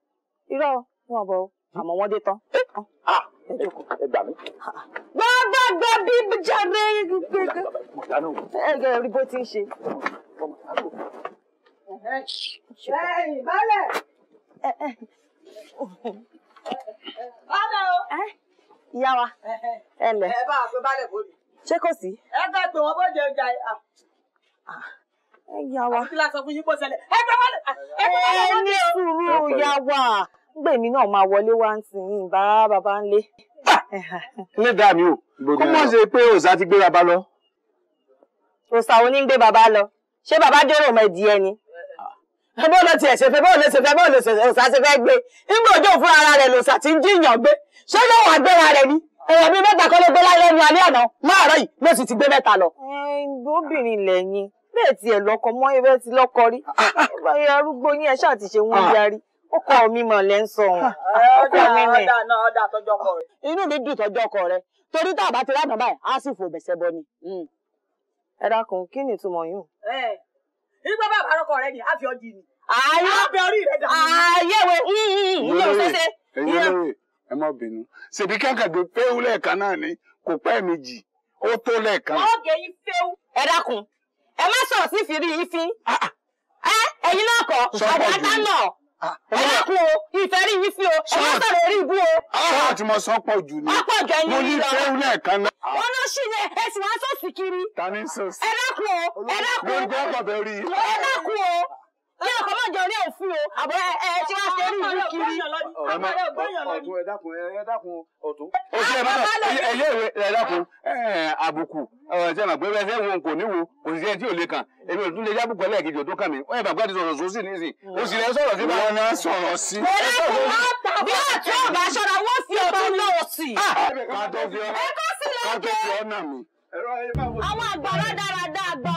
irọ́ wọn bọ hmm? àmọ́ wọ́n dé ah, ẹ gbà mí. gbàgbàgbà bí jàre ẹgbẹ́ rí bó ti ń ṣe. ẹ̀yìn bálẹ̀. ọ̀nà o ìyá wa eh, eh. ẹ ǹlẹ́. Eh, ẹ bá a pé bá lè bóde. ṣé kò sí. ẹ bá pè wọn bóde ọjà ìhà. Ah. Ah. ẹ yà wá. àti láti sọ fún yín bó ṣẹlẹ̀. ẹ bá wọlé. Ah, ẹ ní sùúrù yà wá. gbèmí náà máa wọlé wá ń sìn yín bá bàbá ń lé. ilé dà mí o kó mọ̀ ṣe pé òòṣà ti gbé bàbá lọ. òòṣà onígbé bàbá lọ ṣé bàbá dérò ọmọ ìdí ẹni bọ́ọ̀ lọ ti ẹ̀ṣẹ̀ fẹ́ bọ́ọ̀ lọ ṣe fẹ́ bọ́ọ̀ lọ ṣe ọ̀sà ti fẹ́ gbé nígbà òjò fún ara rẹ̀ lọ̀sà ti ń jiyàn gbé ṣé yóò wá gbéra rẹ̀ ni èèyàn bíi mẹ́ta kọ́ ló gbé láyé ní alẹ́ àná láàárọ̀ yìí ló sì ti gbé mẹ́ta lọ. obìnrin lẹ́yìn bẹ́ẹ̀ tiẹ̀ lọ́kọ mọ́ ewé ti lọ́kọ rí arúgbó yín ẹ ṣáà ti ṣe wọ́n yarí ọkọ mi mọ̀ lẹ́ ń sọ ọ̀hún ọkọ mi nì. inú mi dùn tọjọ́ ọkọ rẹ torí tá a bá ti rádàn báyìí á sì fò bẹ̀sẹ̀ bọ ni. Hmm. ẹ dákun kí ni ìtumọ̀ yìí. ẹ bàbá ọkọ rẹ ni á fi ọjì ni àyẹ̀wò ìyẹn mm, mm, mm, ò ṣeéṣe. ẹ̀yin olóyè ẹ má bínú ṣèbí kàkàgbé péwu lẹ́ẹ̀kan náà ni kò pẹ́ méjì ó tó lẹ́ẹ̀kan. ọ̀gẹ̀ yìí féwu. ẹ dákun ẹ má sọ̀rọ̀ sí ìfìrí yìí fín. Ah, ah. ẹ̀yin náà kọ àdáńtá náà ah, ẹ dákun o ìfẹ́ rí yìí fín o ẹ má sọ̀rọ̀ orí ibú o. ṣọ́ọ̀ tí mo sọ pọ̀ jù ni mo ní féwu lẹ́ẹ̀kan náà. wọn ló ṣì ní ẹsìn wọn sọ̀sì kiri. ta ni sọ̀sì. ẹ dákun o ẹ dákun o ẹ dákun o kí ọkọ̀ máa jẹ orí òfin o àbọ̀ ẹ tí wọ́n ṣe rí ìlú kiri. ọ̀tún ẹ dákun ẹ dákun ọ̀tún. oṣù ẹ bàbá ẹyẹ ìwé ẹ dákun àbùkù ṣe mà pé bẹ́ẹ̀ ṣe wọn kò níwo kò sí ẹni tí ò lè kàn èmi ò tún lè jábùkù ẹlẹ́ẹ̀kejì ò tó kàn mí wọ́n yẹ bàbá ti sọ̀rọ̀ sọ sí nísìn o mm. sì lẹ sọ̀rọ̀ sí báwọn náà sọ̀rọ̀ sí. mo ní kò má tà bí ọ̀tún ọ̀bà ṣọ́ra wọ́n fi ọdún náà sí. Ah! Ah! ẹ kọ́ sílẹ̀ kí. àwọn àgbàrá dáradá àgbà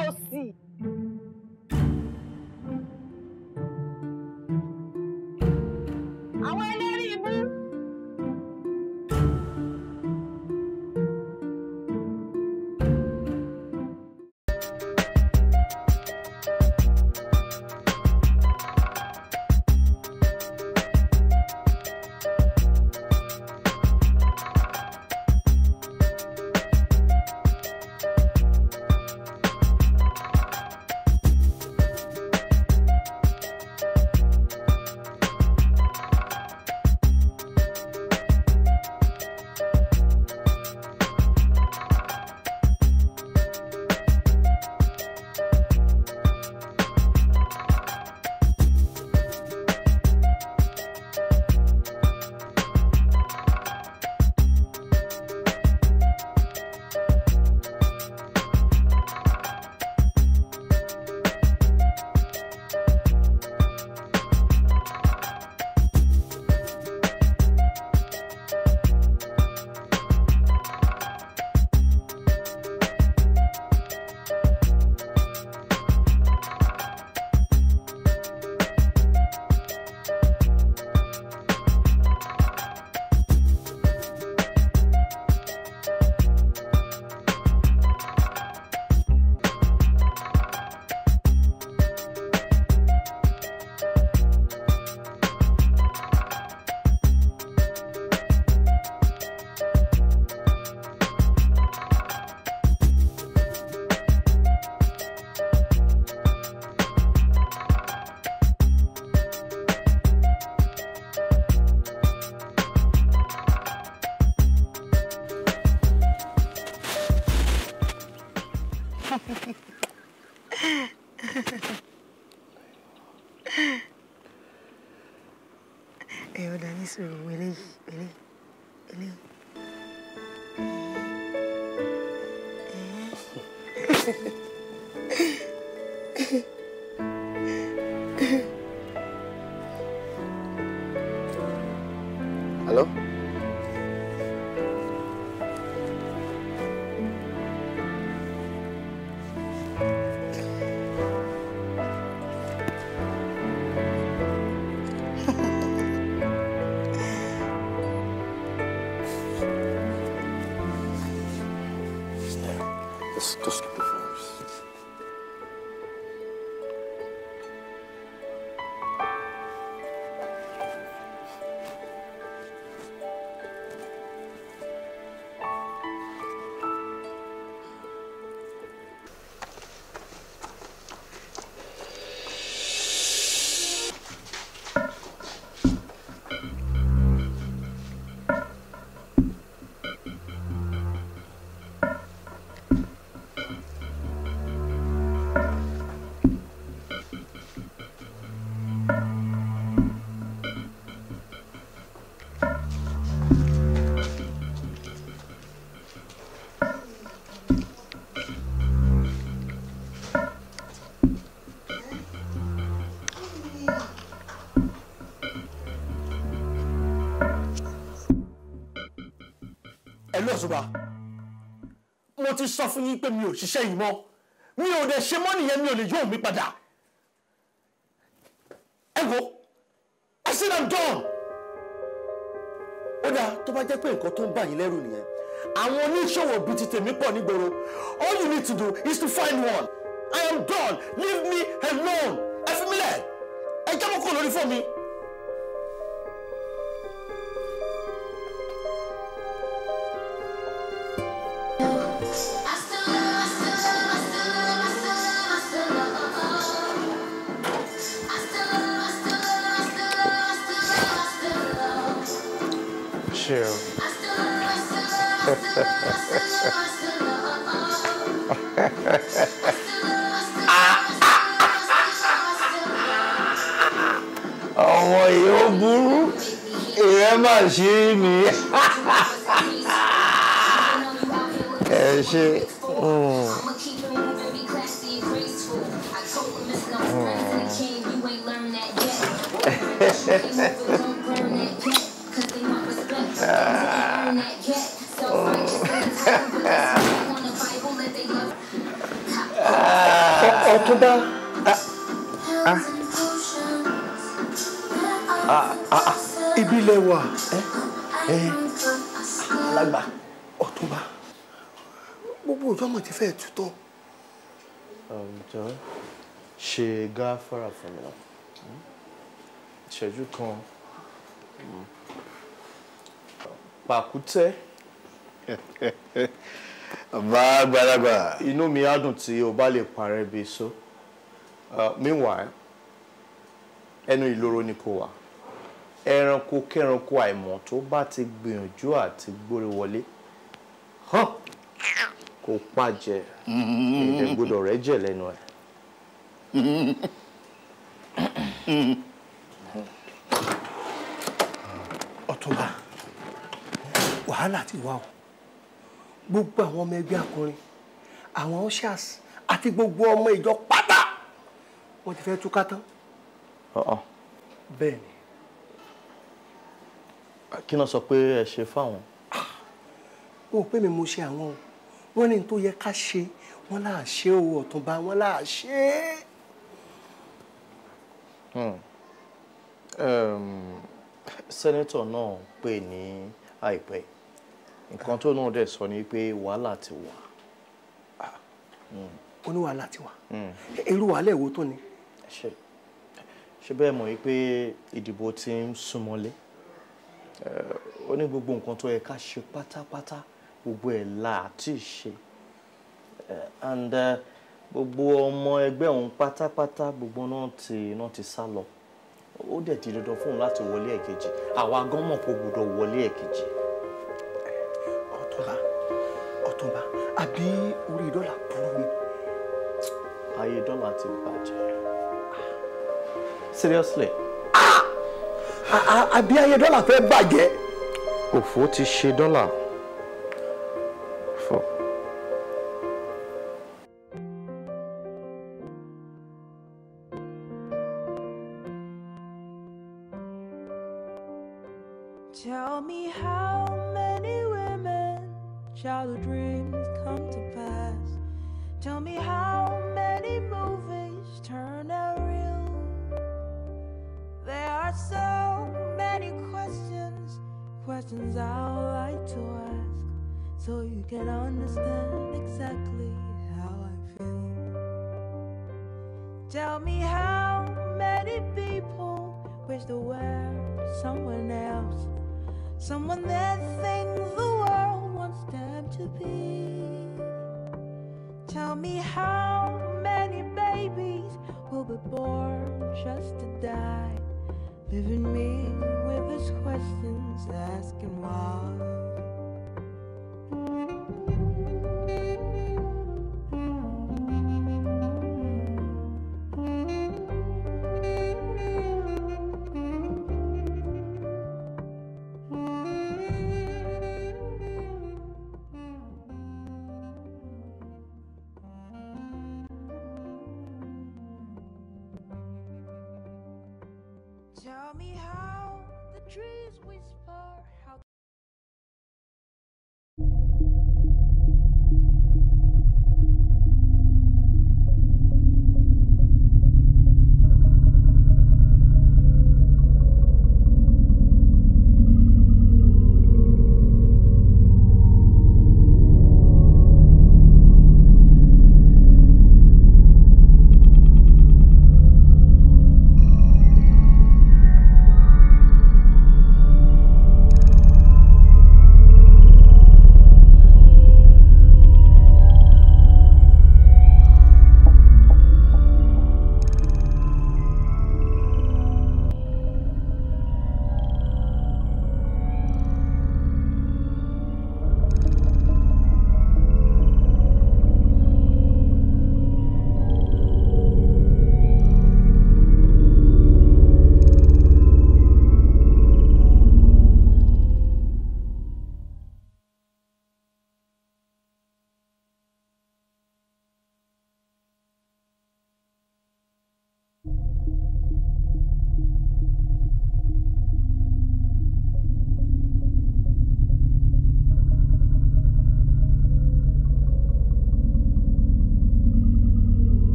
pẹ̀lú ọ̀ṣùpá mo ti sọ fún yín pé mi ò ṣiṣẹ́ yìí mọ́ mi ò dẹ̀ ṣe mọ́ nìyẹn mi ò lè yóò mi padà ẹ wo I said I'm done ó dáa tó bá jẹ́ pé nǹkan tó ń bà yín lẹ́rù nìyẹn àwọn oníṣòwò bíi ti tèmi pọ̀ nígboro all you need to do is to find one I am done leave me alone ẹ fi mi lẹ̀ ẹ jábọ̀ kúrò lórí fún mi. ọmọ yìí ó burú ìrẹ́ mà ṣe é ní ẹ ṣe. Mm. Hmm. ọ̀túnba ibi ilẹ̀ wà alàgbà ọ̀túnba gbogbo ọjọ́ mọ̀ ti fẹ́ tutọ́. Um, jọ ṣe gáfárà fún mi náà hmm? ìṣẹ́jú kan hmm. pàkúté. [laughs] bá gbàdàgbà. inú mi á dùn tí o bá lè parẹ́ bí so uh, meanwhile ẹnu ìloro ni kò wà ẹranko kẹranko àìmọ̀ tó bá ti gbìyànjú àti gbórí wọlé hàn kò pàjẹ́ èdè gbọ́dọ̀ rẹ̀ jẹ̀ lẹ́nu ẹ̀. ọ̀túnba wàhálà ti wà o gbogbo àwọn ọmọ ẹgbẹ́ akọrin àwọn ushers àti gbogbo ọmọ ìjọ pátá wọ́n ti fẹ́ túká tán. Uh-uh. bẹ́ẹ̀ ni. kí náà sọ pé ẹ ṣe fáwọn. wọn ò pè mí mo ṣe àwọn o wọ́n ní tó yẹ ká ṣe wọ́n láà ṣe o ọ̀túnba wọ́n láà ṣe hmm. sẹ́nẹ́tọ̀ náà pè ní àìpẹ́ nǹkan tó náà dẹ̀ sọ ni pé wàhálà ti wà. Ah. ó ní wàhálà ti wà hmm. irú wàhálà èwo tó ni. ṣé bẹ́ẹ̀ mọ̀ pé ìdìbò ti ń súnmọ́lé eh, ó ní gbogbo nǹkan tó yẹ ká ṣe pátápátá gbogbo ẹ̀ là ṣe eh, and eh, gbogbo ọmọ ẹgbẹ́ òun pátápátá gbogbo náà ti náà ti sá lọ ó dẹ̀ di dandan fóun láti wọlé ẹ̀kejì àwa gan mọ̀ kó gbọdọ̀ wọlé ẹ̀kejì. àbí orí dọ́là burú ni. ayé dọ́là ti bàjẹ́ seriously. àbí ayé dọ́là fẹ́ bàjẹ́. òfò ti ṣe dọ́là.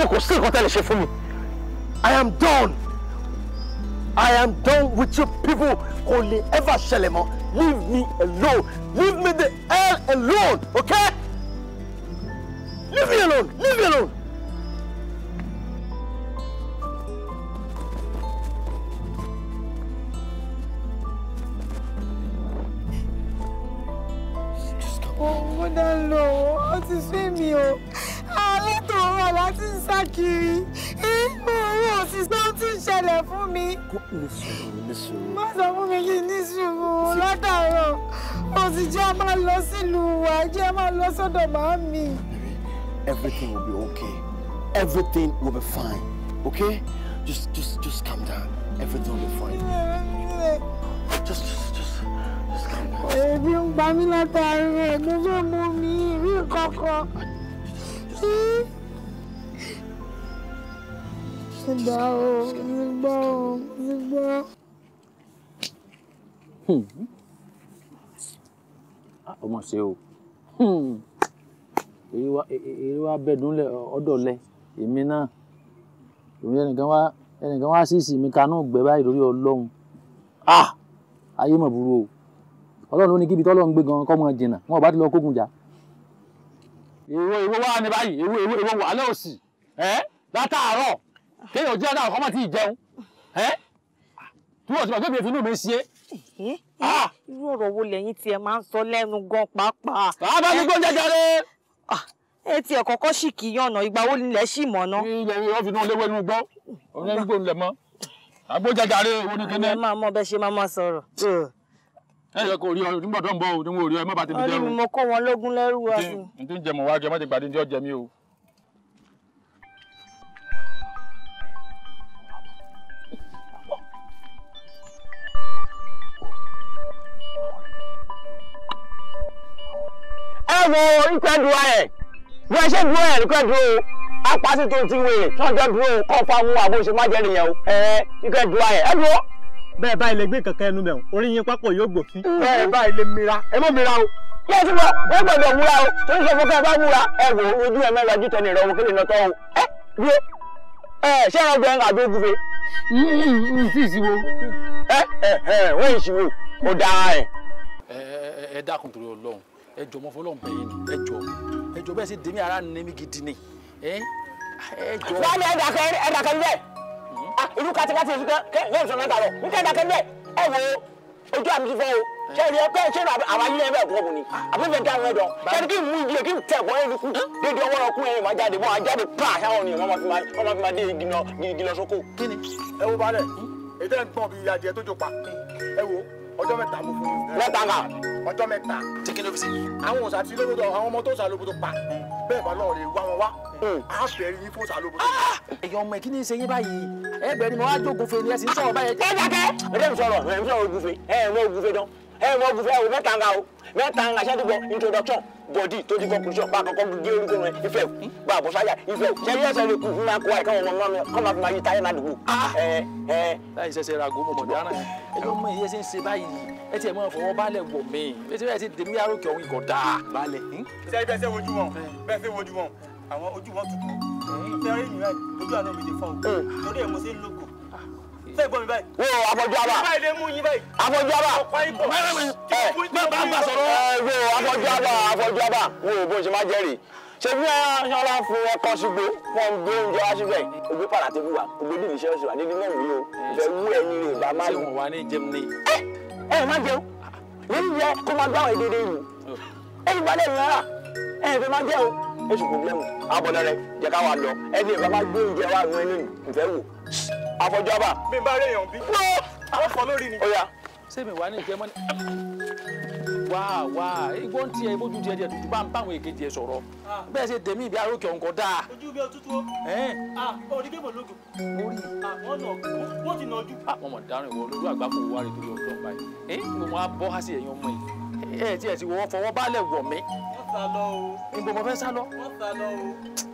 ni kò sí nǹkan tẹ́lẹ̀ ṣe fún mi i am done i am done with you people Only ever ṣẹlẹ̀ mọ́ leave me alone leave me the hell alone okay leave me alone. má sọ fún mi kí n ní sùúrù látàárọ̀ mo sì jẹ́ a máa lọ sílùú wa jẹ́ a máa lọ sọ́dọ̀ màámi. everything will be okay everything will be fine okay just just just calm down everything will be fine just just just just calm down. èmi ń gbà mí látàárọ̀ mo fẹ́ mú mi rí kankan. Zubão, Zubão, Zubão. ọmọ ṣe o hmm. èrè wa bẹ̀dúnlẹ̀ ọ̀dọ̀lẹ̀ èmi náà èmi ẹnìkan wá ẹnìkan wá sí ìsinmi kanú gbẹ báyìí lórí ọlọ́run ah ayé mọ̀ burú o ọlọ́run ló ní kíbi tọ́lọ́run gbé gan kọ́ mọ́ jìnnà wọn ò bá ti lọ kógun jà. èwo èwo wá ní báyìí èwo èwo èwo wàhálà òsì ẹ látàárọ̀ kéèyàn jẹ́ náà ọmọ tí jẹun tí wọ́n ti bàgbé mi fínú mi ṣe. irú ọ̀rọ̀ wo lẹ́yìn tí ẹ máa ń sọ lẹ́nu gan pàápàá. bàbá mi gbọ́n jẹjẹrẹ. ẹ tiẹ̀ kọ́kọ́ sì kì í yànnà ìgbà wo nílẹ̀ sì mọ̀ ná. ilẹ̀ yìí wọ́n fi náà léwé inú gbọ́ ọ̀rọ̀ ẹni lẹ̀ mọ́ àgbo jẹjẹrẹ owó ní kíní. ẹ máa mọ bẹ ṣe máa máa sọ̀rọ̀. ẹ yẹ kó rí ọ nígbà tó ń bọ̀ ò ní wọn rí ọ ẹ má bàa tẹ̀mí jẹ́rù. wo ikọ̀ dùn ẹ̀ bí wọ́n ṣe dùn ẹ̀ ikọ̀ dùn o apàṣẹ tó ti wèé tí wọ́n jọ dùn o kọ́ fa àwọn àbò ìṣèmọ́ ajẹ́ nìyẹn o ẹ̀ ikọ̀ dùn ẹ̀ ẹ̀ dùn o. bẹ́ẹ̀ báyìí lè gbé kankan ẹnu mẹ́wọ̀n orí yín pápọ̀ yóò gbòfin. bẹ́ẹ̀ báyìí lè mira ẹ mọ̀ mira o yóò ti wọ ẹ gbọ́dọ̀ múra o tó ń sọ fún ká bá múra ẹ wò ojú ẹ mẹ́rin ojú tẹni ìrọwọ kílè lọ́tọ̀ o ẹ bí ẹ ṣé ẹ rọgbẹ àbí ogúfe. fi mm-hmm. ìṣìwò. ẹ ẹ ẹ wọ́n ìṣìwò ó dáa ẹ. ẹ ẹ dákun torí Ọlọ́run ẹ jọ mọ fọlọ́n bẹ́ẹ̀ yìí ni ẹ jọ ẹ jọ bẹ́ẹ̀ sì dèmí ara nìmi gidi ni ẹ jọ. wọ́n ní ẹ̀dà kan ẹ̀dà kan bẹ́ẹ̀ ìlú katikati ìlú kan lẹ́yìn sọ̀rọ̀ ẹ̀dà lọ níta ẹ̀dà kan bẹ́ẹ̀ ẹ wo ojú àmì ti fẹ́ o ṣé ẹ̀rí ẹ̀kọ́ ṣé àwa yín ẹ̀bẹ̀ ẹ̀kọ́ ni àbí fẹ́ dáhùn ẹ̀dọ̀ ṣé kí n mú igi kí n tẹ̀ ẹ̀kọ́ ẹ̀rú kú dédé ọwọ́ ọkú ẹ̀yìn máa jáde mọ́ àjáde pa àṣàwọn ni wọ́n máa fi máa dé igi lọ sóko. ẹ wo balẹ̀ ètò ẹ̀ ń gbọ́n bí adìẹ tó jò pa ẹ wo ọjọ́ mẹ́ta mo fún yín. mẹ́ta nga. ọjọ́ mẹ́ta. tí kí àwọn òòsà tí lóbodò àwọn ọmọ tó sà lóbodò pa bẹ́ẹ̀ bá lọ́ọ̀ lè wá wọn wá. Hmm. a bẹ̀rẹ̀ yín fún sà lóbodò. Ah! ẹ̀yọ́ ọmọ ẹ̀ kí ni ṣe yín báyìí ẹ bẹ̀rẹ̀ ni wọ́n á jókòó fe ni ẹ sì ń sọ̀rọ̀ báyìí. ẹ dákẹ́ ẹ dẹ́nu sọ̀rọ̀ ẹ ń sọ̀rọ̀ ògùnfe ẹ ẹ̀ ń wọ́n dán ẹ mọ gùn fún ẹ o mẹ́ta ń ga o mẹ́ta ń ga ṣáà ti gbọ́ introduction body tó ti conclusion pa àkọ́kọ́ gé orúkọ rẹ ìfẹ́ o gba àbọ̀ sáyà ìfẹ́ o ṣẹ́yìn ẹ̀sẹ̀ mi kù fún máa kó wa ìkáwọn ọmọ mi kọ́ máa fi máa yí táyà máa dùgbò. Ah! láì ṣẹ̀ṣẹ̀ ra gómọ mọ̀dáná ẹ ló mọ iye ṣe ń ṣe báyìí ẹ tiẹ̀ máa fọwọ́ balẹ̀ wọ̀ mí ẹ ti bẹ́ẹ̀ ti dèmí arókè ọ̀hún ìkọ̀ dáa balẹ̀. Hm? ṣé bẹ́ẹ̀ ṣe wojú wọn bẹ́ẹ̀ ṣe wojú wọn àwọn ojú wọn tutù fẹ́rẹ́ hm? ìnira ojú àná mi ti fọ́ o hm. torí ẹ̀ mo ṣe ń lóko sẹ́gbọ́n mi báyìí. wo afọjú aba afọjú aba ẹ bàbá bá sọ̀rọ̀. ẹ wo afọjú aba afọjú aba wo bó ṣe máa jẹ́rìí ṣe bí wọn lọ fún ẹkọ abọlẹrẹ jẹ ká wà lọ ẹni ìfẹ́ gbé oúnjẹ wá àwọn ẹni ìfẹ́ wò àfọ̀jọba. bí n bá rí èèyàn bí. wọ́n fọ lórí ni. ọ̀ya. sẹ́mi wà ní ìjẹ́mọ́ ni. wá wá igbó ń tiẹ̀ ibójú tiẹ̀ tiẹ̀ tuntun bá ń báwọn èkejì ẹ̀ sọ̀rọ̀ ah. bẹ́ẹ̀ ṣe tèmi ìbí arókè ọ̀nkọ̀ dáa. ojú bí otútù o. Ah, orí débò lójú. orí. àwọn ah, náà wọ́n ti nà ojú. àwọn ọmọ dárin wọ lórí àgbákò wa rè torí ọjọ́ báyìí. ẹ mo máa bọ́ há sí ẹ̀yìn ọmọ yìí. ẹ ẹ tiẹ̀ ti o. ìgbọ̀nmọ̀ fẹ́ sá lọ. wọ́n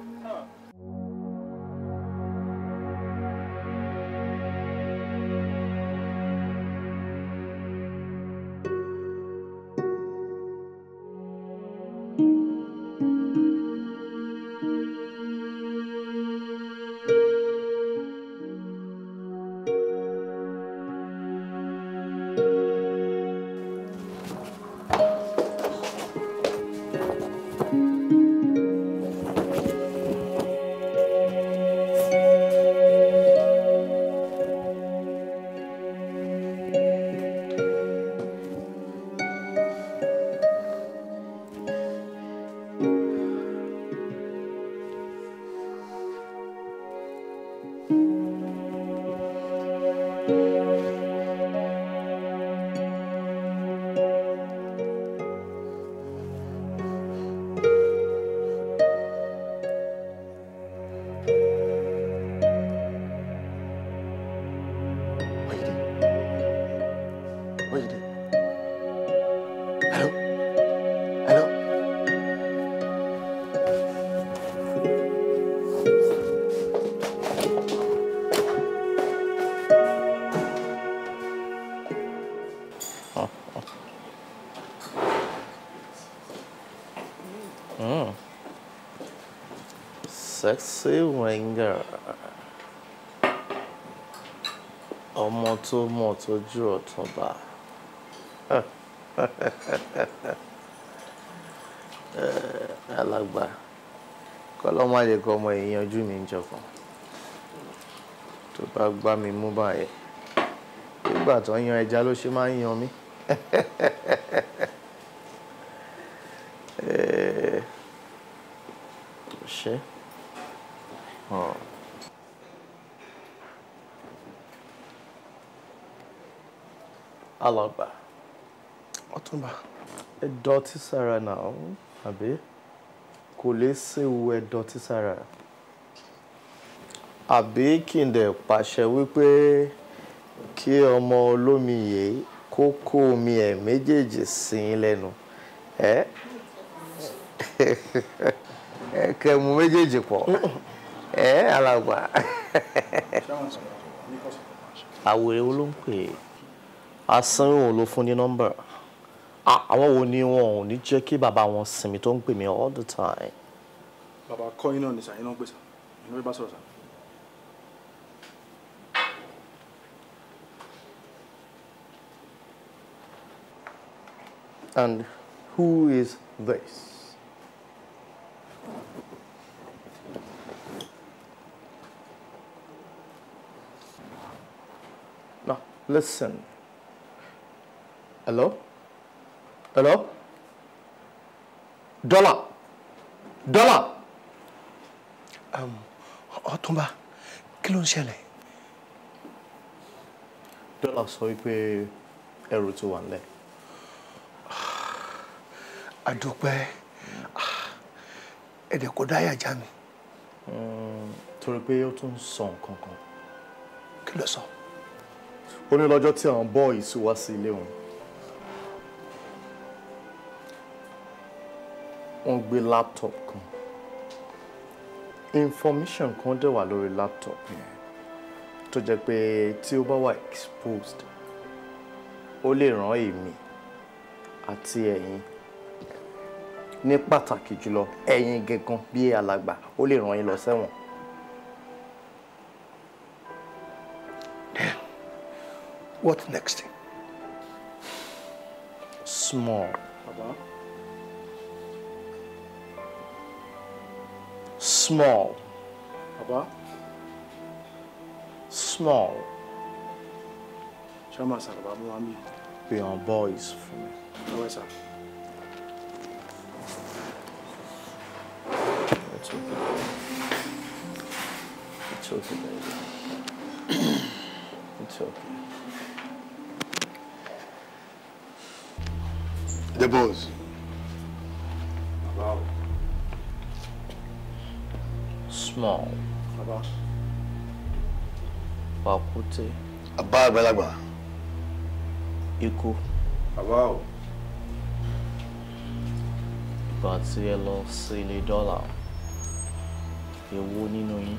sexy Wenger ọmọ tó mọ̀ tójú ọ̀túnba [laughs] eh, alàgbà kọ́lọ́mọ àyẹ̀kọ́ ọmọ èèyàn ojú mi ń jọkàn tó bá gbá mi mú báyẹn nígbà tó yan ẹja ló ṣe máa ń yan mí [laughs] dọ̀tí Sarah now, àbí kò lè séwu ẹ dọ̀tí sára àbí kí n dẹ̀ pàṣẹ wípé kí ọmọ olómi yìí kó kó omi ẹ̀ méjèèjì sí i lẹ́nu ẹ ẹ kẹ mu méjèèjì pọ̀ ẹ alàgbà àwòrán ló ń pè é asán ló fún ní nọ́mbà. Ah, àwọn wo ni wọn ò ní jẹ́ kí bàbá wọn sinmi tó ń pè mí all the time. bàbá kọ́ iná ní sàyẹn náà gbèsè ìnáwó bí bá sọ̀rọ̀ sàn. And who is this? Now, listen. Hello? hello dollar, dọ́là. Um, oh, kí ló ń ṣẹlẹ̀. Dollar so wípé ẹrù ti wà nílẹ̀. àdúpẹ́ ẹ̀dẹ̀ kò dáyà já mi. Hmm, torí pé ó tún sọ nǹkan kan. kí ló sọ. ó ní lọ́jọ́ tí àwọn bọ́ọ̀yì sí wá sí ilé òun wọ́n gbé laptop kan information kan dẹ̀ wà lórí laptop yẹn tó jẹ́ pé tí ó bá wà exposed ó lè ràn èmi àti ẹ̀yin ní pàtàkì jùlọ ẹ̀yin gẹ̀gan bí alàgbà ó lè ràn yín lọ sẹ́wọ̀n. What next? Small. Baba. small. Baba. Small. Chama sir, Baba Mwami. We are boys for me. No way, sir. It's okay. It's okay, baby. [clears throat] it's okay. The boys. small. Baba. Pakute. Bàbá àgbàlagbà. Ikú. Bàbá o. Ìgbà tí ẹ lọ sí ilé dọ́là, èwo nínú yín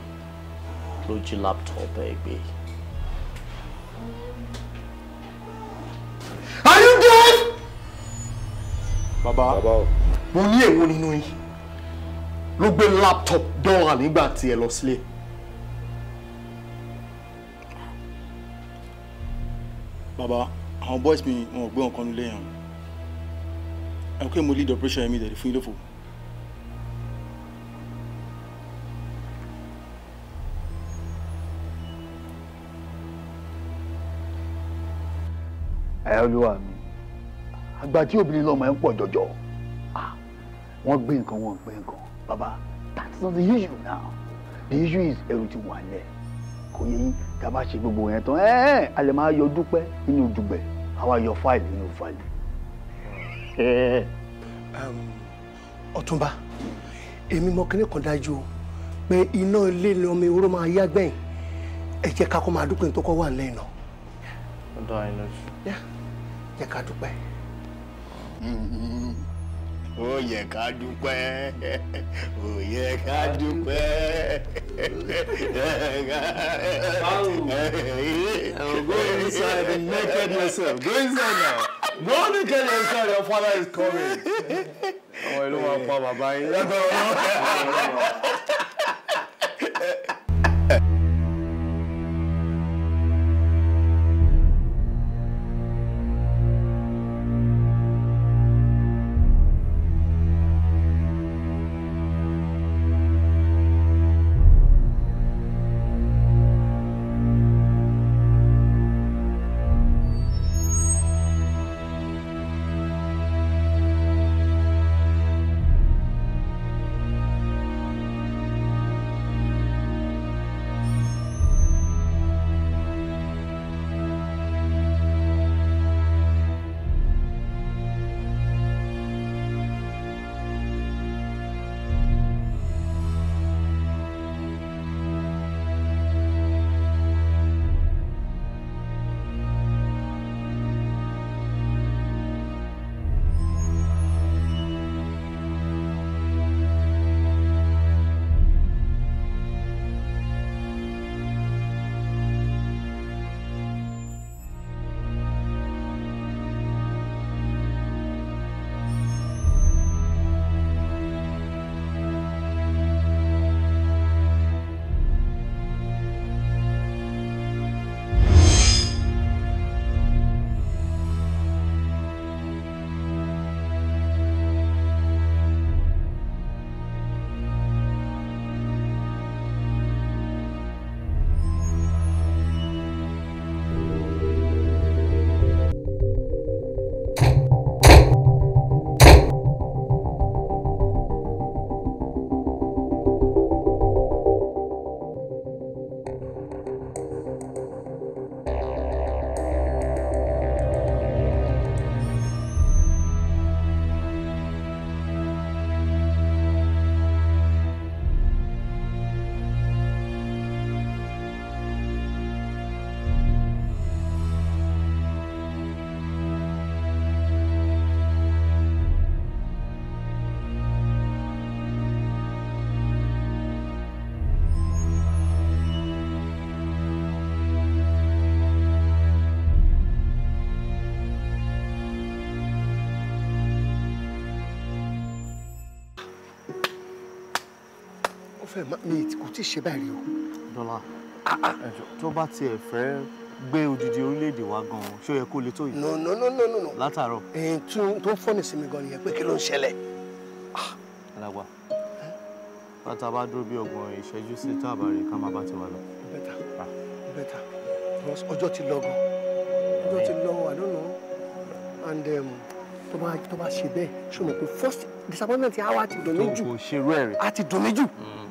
ló jí láptọ̀pù ẹ gbé? Are you dead? Baba. Baba. o. Mo ní èwo nínú yín ló gbé laptop dọ́ra nígbà tí ẹ lọ sílé. bàbá àwọn boys mi wọn ò gbé nǹkan nílé yẹn ẹ kó mo lead operation mi dẹ̀rẹ̀ fún yín lófo. ẹ olúwa mi àgbà tí obìnrin lọmọ ẹ ń pọ̀ jọjọ ah, wọ́n gbé nǹkan wọ́n gbé nǹkan Baba, that's not the issue now. The issue is ẹrù ti wà lẹ̀. bá ṣe gbogbo yẹn tán ẹ́ẹ́ a lè máa dúpẹ́ nínú yọ fáìlì nínú fáìlì. Ọ̀túnba kan o pé iná ilé ni ọmọ ewúro máa ẹ ó yẹ ká dúpẹ́ ó yẹ ká dúpẹ́. Oh, go inside and naked yourself. Go inside now. Go naked yourself. Your father is coming. Àwọn ìlú wa pa bàbá yín. fẹ́ mi kò tí ì ṣe báyìí o. dọ́là ah, ah. ẹ̀jọ̀ tó bá tiẹ̀ fẹ́ gbé odidi orílẹ̀-èdè wa gan-an ṣé ó yẹ kó le tó yìí. no no no no no. látàárọ̀. èyí tún tó ń fọ́nì sí mi gan nìyẹn pé kí ló ń ṣẹlẹ̀. Ah. alàgbà bàtà bá dúró bí ọgbọ̀n ìṣẹ́jú sí táàbà rẹ̀ ká máa bá ti wà lọ. bẹ́tà bẹ́tà ọjọ́ ti lọ gan ọjọ́ ti lọ I don't um, tó bá tó bá ṣe bẹ́ẹ̀ ṣùgbọ́n pé first disappointment á wá ti dùn mí jù á ti dùn mí jù. Mm.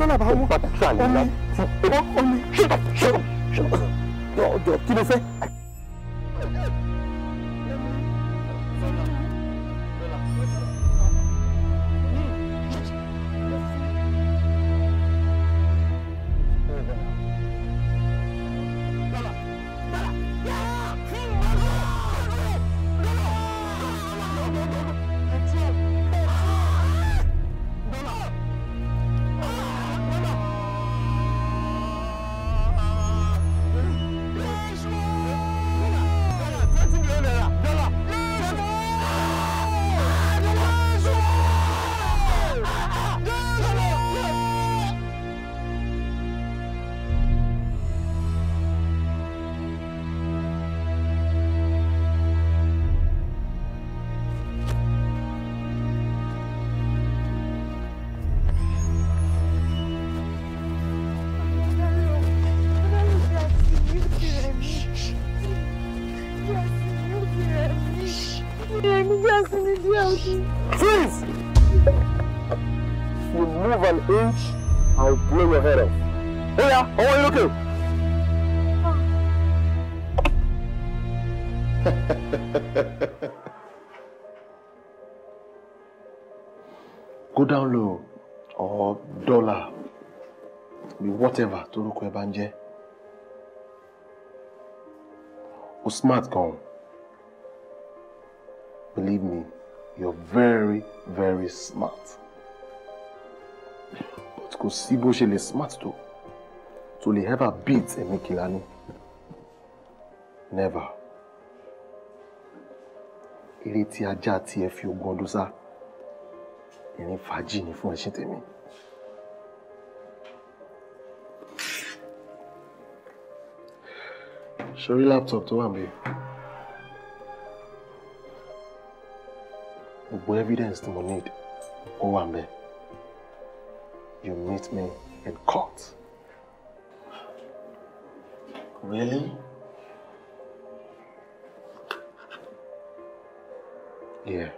on, on, a on, omi ṣé whatever torúkọ ẹ bá ń jẹ́ o smart gan believe me you're very very smart but kò sí bó ṣe lè smart tó tó lè ever beat ẹ̀mí Kìlání never eré tí ajá tiẹ̀ fi ogún ọdún sá ìrìn fàájì ni fún ẹṣin tèmi. sórí laptop tó wà níbí evidence tí we need ó wà you meet me in court. Really? Yeah.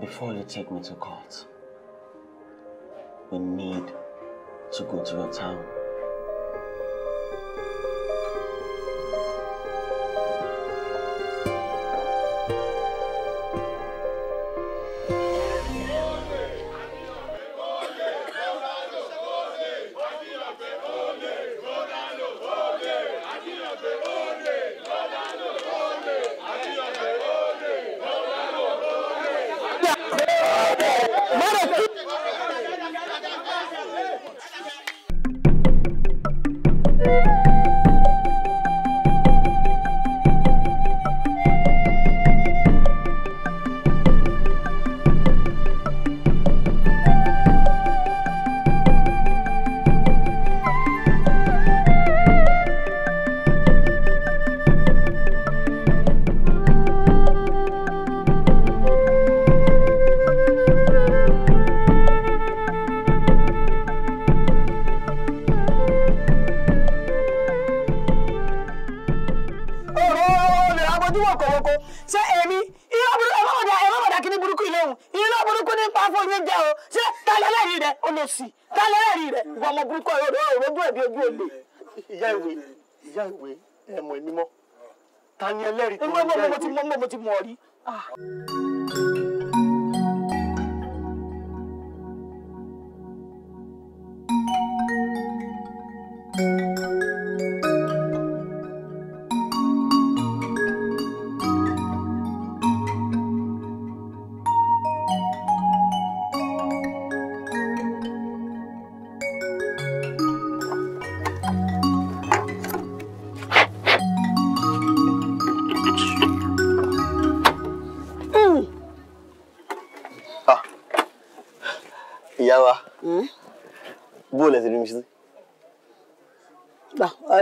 Before you take me to court, we need to go to a town.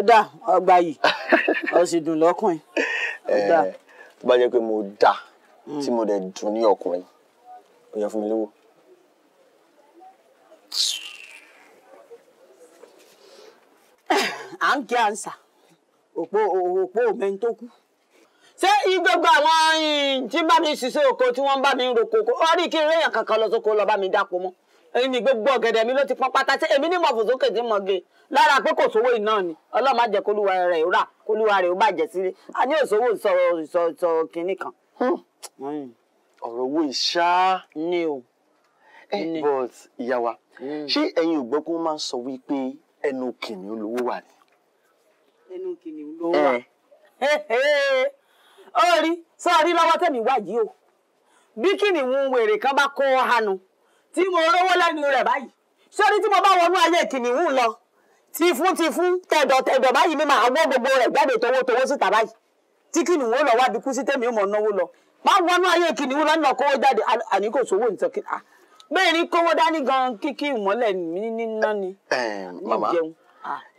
ọ̀dà ọgbà yìí ọ̀sì dùn lọ́kùnrin ọ̀dà. Eh, tó bá jẹ́ pé mo dà hmm. tí mo dẹ̀ dùn ní ọkùnrin ó yẹ fún mi lówó. à ń jẹ àǹsà òpó òpó òmẹ́ni tó kú. ṣé gbogbo àwọn tí bá mi ṣiṣẹ́ oko tí wọ́n bá mi roko wọ́n rí kí n réyàn kankan lọ sóko lọ bá mi dáko mọ́. ẹni gbogbo ọ̀gẹ̀dẹ̀ mi ló ti pọ́n pátá tí èmi ní mọ̀ fòsókè tí ge lára pé kò sówó iná ni ọlọ́run jẹ́ kólúwa rẹ̀ rà kólúwa rẹ̀ ó sílé a ní òṣòwò ìsọ̀rọ̀ ìsọ̀ kan. Hmm. Hmm. ọ̀rọ̀ owó ìṣá ni o eh, but ìyá hmm. ṣé ẹ̀yin ò gbọ́ pé wípé ẹnu wà ni. ẹnu eh. lọ́wọ́ tẹ̀mí wá o bí wèrè kan bá kó hanu. tí mo rówó lẹ́nu rẹ̀ báyìí ṣé ní tí mo bá wọnú ayé kìnìún lọ tìfún tìfún tẹ̀dọ̀ tẹ̀dọ̀ báyìí mi máa wọ́ gbogbo rẹ̀ jáde towó towó síta báyìí tí kìnìún ó lọ wá bíkú sí tèmi ó mọ̀ náwó lọ má wọnú ayé kìnìún lọ́nà kówó jáde àní kò sówó nìtọ́ kí a bẹ́ẹ̀ ni kówó dání gan kíkí ìmọ́lẹ̀ níná ni màmá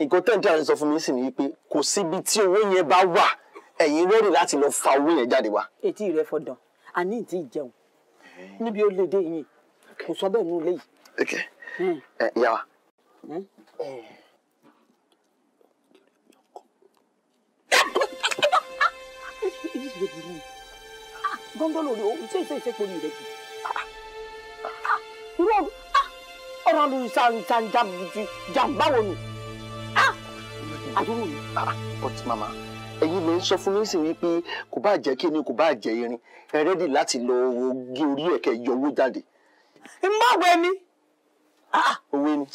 nǹkan tẹ́ǹtẹ́ àti sọ fún mi sì ni pé kò síbi tí owó yẹn bá wà ẹ̀yin lórí láti lọ fa owó yẹn jáde wá. etí rẹ fọdàn àní ìtì ìjẹun níbi ó lédè yìí kò sọ bẹ́ẹ̀ nù léyìí. Hmm. ẹ ìyá wa hmm? gọ́ngọ́n lórí o ṣe ṣe ṣe pori rẹ jù. irú ọ̀rọ̀ lu jàǹbá wo nù. àdúró mi. Ah, but mama ẹ̀yin ló ń sọ fún mi sí wípé kò bá jẹ́ kíni kò bá jẹ́ irin ẹ rẹ́dì láti lọ gé orí ẹ̀kẹ́ yọwó jáde n bá wẹ ni. Ah, ah, òwe ni.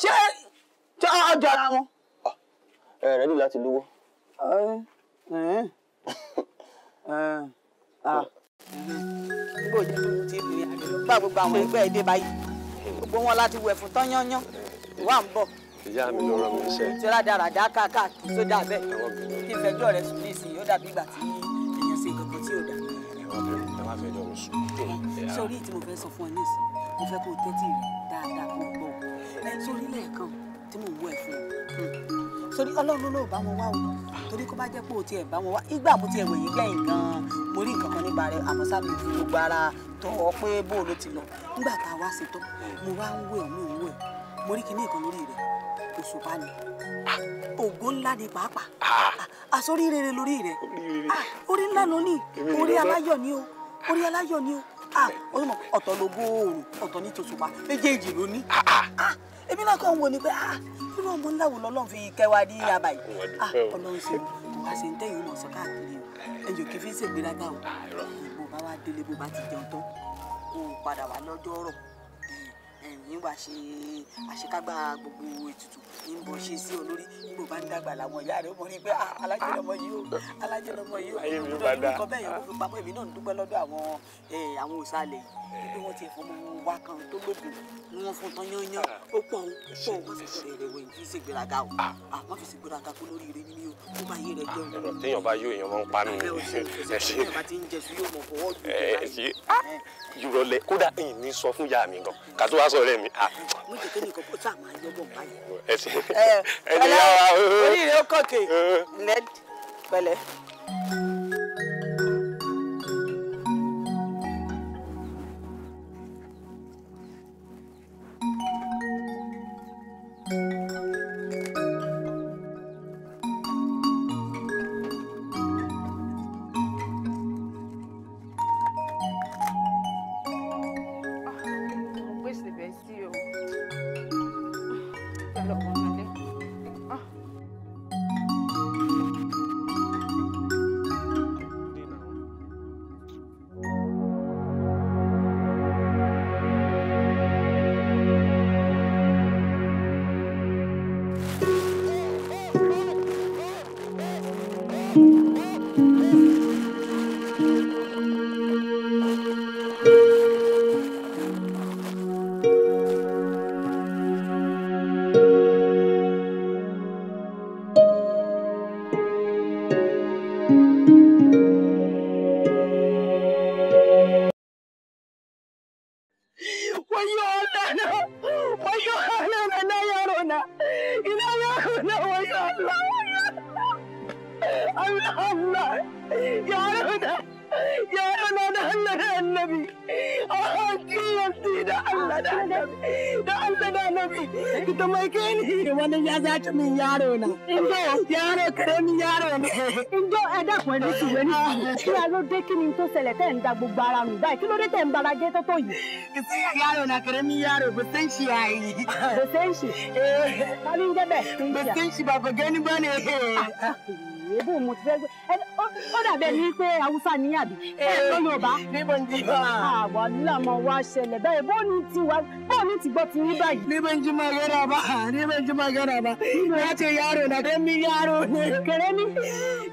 ṣé ọjọ́ ara wọn. Ah, ẹ rẹ́dí láti lówó. gbogbo ìjọba ti rìn àjò lọ gbà gbogbo àwọn ẹgbẹ́ èdè báyìí gbogbo wọn láti wẹ̀ fún tán yányán wà ń bọ̀ ìyá mi ló rán mi iṣẹ́. tí rádaràdá káàkiri tó dà bẹ́ẹ̀ kí n fẹjọ́ rẹ sùn ní ìsìn yóò dàbí ìgbà tí èèyàn ṣe nǹkan kan tí ò dà. ẹ wá fẹjọ́ mi sùn. sórí tí mo fẹ́ sọ fún ọ ní ìsìn mo fẹ́ kó o tẹ́tí dáadáa kó o sórí lẹ́ẹ̀kan tí mò ń wọ ẹ̀ fún ọ hmm. sórí ọlọ́run ló bá wọn wá o torí kó bá jẹ́ pé o tiẹ̀ bá wọn wá ìgbà mo tiẹ̀ wẹ̀yìn gbẹ̀yìn gan mo rí nǹkan kan nípa rẹ̀ àmọ́ sábà fi gbogbo ara tọ̀ ọ́ pé bó ló ti lọ nígbà tá a wá ṣe tán mo wá ń wẹ̀ mo ń wẹ̀ mo rí kinní kan lórí rẹ̀ òṣùpá ni ògo ńlá ni pàápàá ah. àsorí rere lórí rẹ̀ orí ah, ńlá lóní orí aláyọ̀ ni o orí aláyọ̀ ni o Ah, olùmọ̀ ọ̀tọ̀ lógo oòrùn ọ̀tọ̀ ní tòṣùpá méjèèjì ló ní. Ah, ah. èmi náà kàn ń wo ni pé irú ọmọ ńlá wo lọ́lọ́run fi kẹwàá ní yaba yìí ọlọ́run ṣe àṣẹ ń tẹ̀yìn mọ̀ sọ káàkiri o ẹ̀yọ̀ kí fi ń ṣègbéraga o bó bá wá délé bó bá ti jẹun tán kó o padà wá lọ́jọ́ rọ̀ yín wá ṣe àṣekágbá gbogbo ètùtù yín bó ṣe sí olórí nígbò bá ń dàgbà làwọn ìyá rẹ̀ mọ́ni pé ah, alájẹ́ lọmọ yìí o alájẹ́ lọmọ yìí o nǹkan bẹ́ẹ̀ yẹn kó fi pamọ́ èmi náà ń dúpẹ́ lọ́dọ̀ àwọn àwọn òsàlẹ̀ yìí wípé wọ́n ti fún mi wá kan tó lòdù ni wọ́n fún tán yányán ó pọ̀ ó pọ̀ ó sì sọ̀rọ̀ rẹ̀ wẹ̀ kí sì gbéraga o àmọ́ ah. ah, fi sì gbéraga kó lórí rẹ̀ nínú ó máa yé rẹ̀ jẹ́ òun. ọ̀rọ̀ téèyàn bá yóò èèyàn máa ń pa nù. ẹ ṣe ẹ ṣe yúrọ̀lẹ̀ kódà ẹ̀yìn ní sọ fún yàrá mi gan kàtó wá sọ rẹ̀ ọ̀rẹ́ mi. Ah. mo jẹ kí nìkan kó sáà máa yọ bọ̀ báyìí. ẹ ṣe ẹ ní yàrá. oríire ó kọ̀kẹ́ ned pẹ̀lẹ́. thank you Thank you. pé kí ni tó ṣẹlẹ̀ tẹ́ ń da gbogbo ara nù báyìí kí ló dé tẹ́ ń bara jẹ́ tó tó yìí. ìsẹ́yà yàrá ọ̀nà kẹrẹ́mí yàrá bẹ̀sẹ̀ ń ṣe àyè. bẹ̀sẹ̀ ń ṣe. ká ló ń jẹ́ bẹ̀sẹ̀ ń ṣe bàbá gẹ́ni bá ní. Eh. Ah, ah, eh, mo ti fẹ́ gbé ó dàbẹ̀ ní pé haúsá ní àbí ẹ ló ló bá. ní mo ń jí máa. àwa làmọ wá ṣẹlẹ̀ báyìí bó ní ti wá bó ní ti gbọ́ ti ní báyìí. ní mo ń jí máa gẹ́rẹ́ àbá ní mo ń jí máa gẹ́rẹ́ àbá láti yàrá ìdá kẹ́mi yàrá òní. kẹrẹ́mi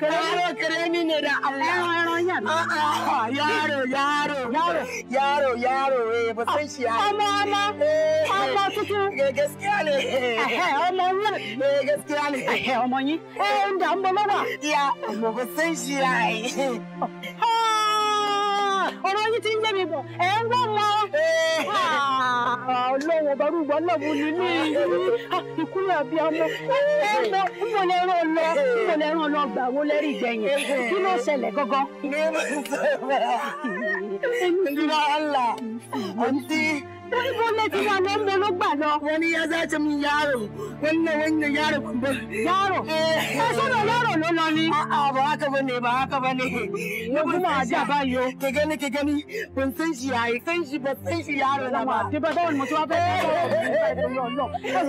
kẹrẹ́mi kẹrẹ́mi ní ìdá àlá. ẹran ẹran yà mí. yàrá yàrá yàrá yàrá ee bó ṣe ń ṣe àná. ọmọ ọmọ eh, eh. ọmọ tuntun. gaskiya ne. ọmọ yín. Eh, gaskiya ọmọ yín. ó ń dà ń bọ́ lọ́wọ́. ìyá ọmọ bó ṣe ń ṣe síra [laughs] ẹ̀. ọ̀rọ̀ yìí ti ń gbé mi bọ̀ ẹ̀ ń gbọ́ mọ́. Eh. Ah, ọlọ́run ọba rúgbọ́n náà mo ní ní ìkúlẹ̀ àbí ọmọ eh. ọmọ mo lè ràn lọ mo eh. lè ràn lọ gbà wo lẹ́rìí gbẹ̀yìn kí ló ṣẹlẹ̀ gangan. èmi ń sọ̀rọ̀ èmi ń sọ̀rọ̀ àǹtí. Ibo ne ti wà lọ́mọ ló gbà lọ. Wani ya za ta min yaro, wannan wannan yaro kumbu. Yaro, ka eh. sọ̀rọ̀ yaro ló lọ ni. A'a ba haka ba ne ba haka ba ne. Ni kuma a da ba yo. Ke gani ke gani ban san shi ya yi san shi ba san shi yaro na ba. Ti ba da wani mutuwa ba. Ẹ wọ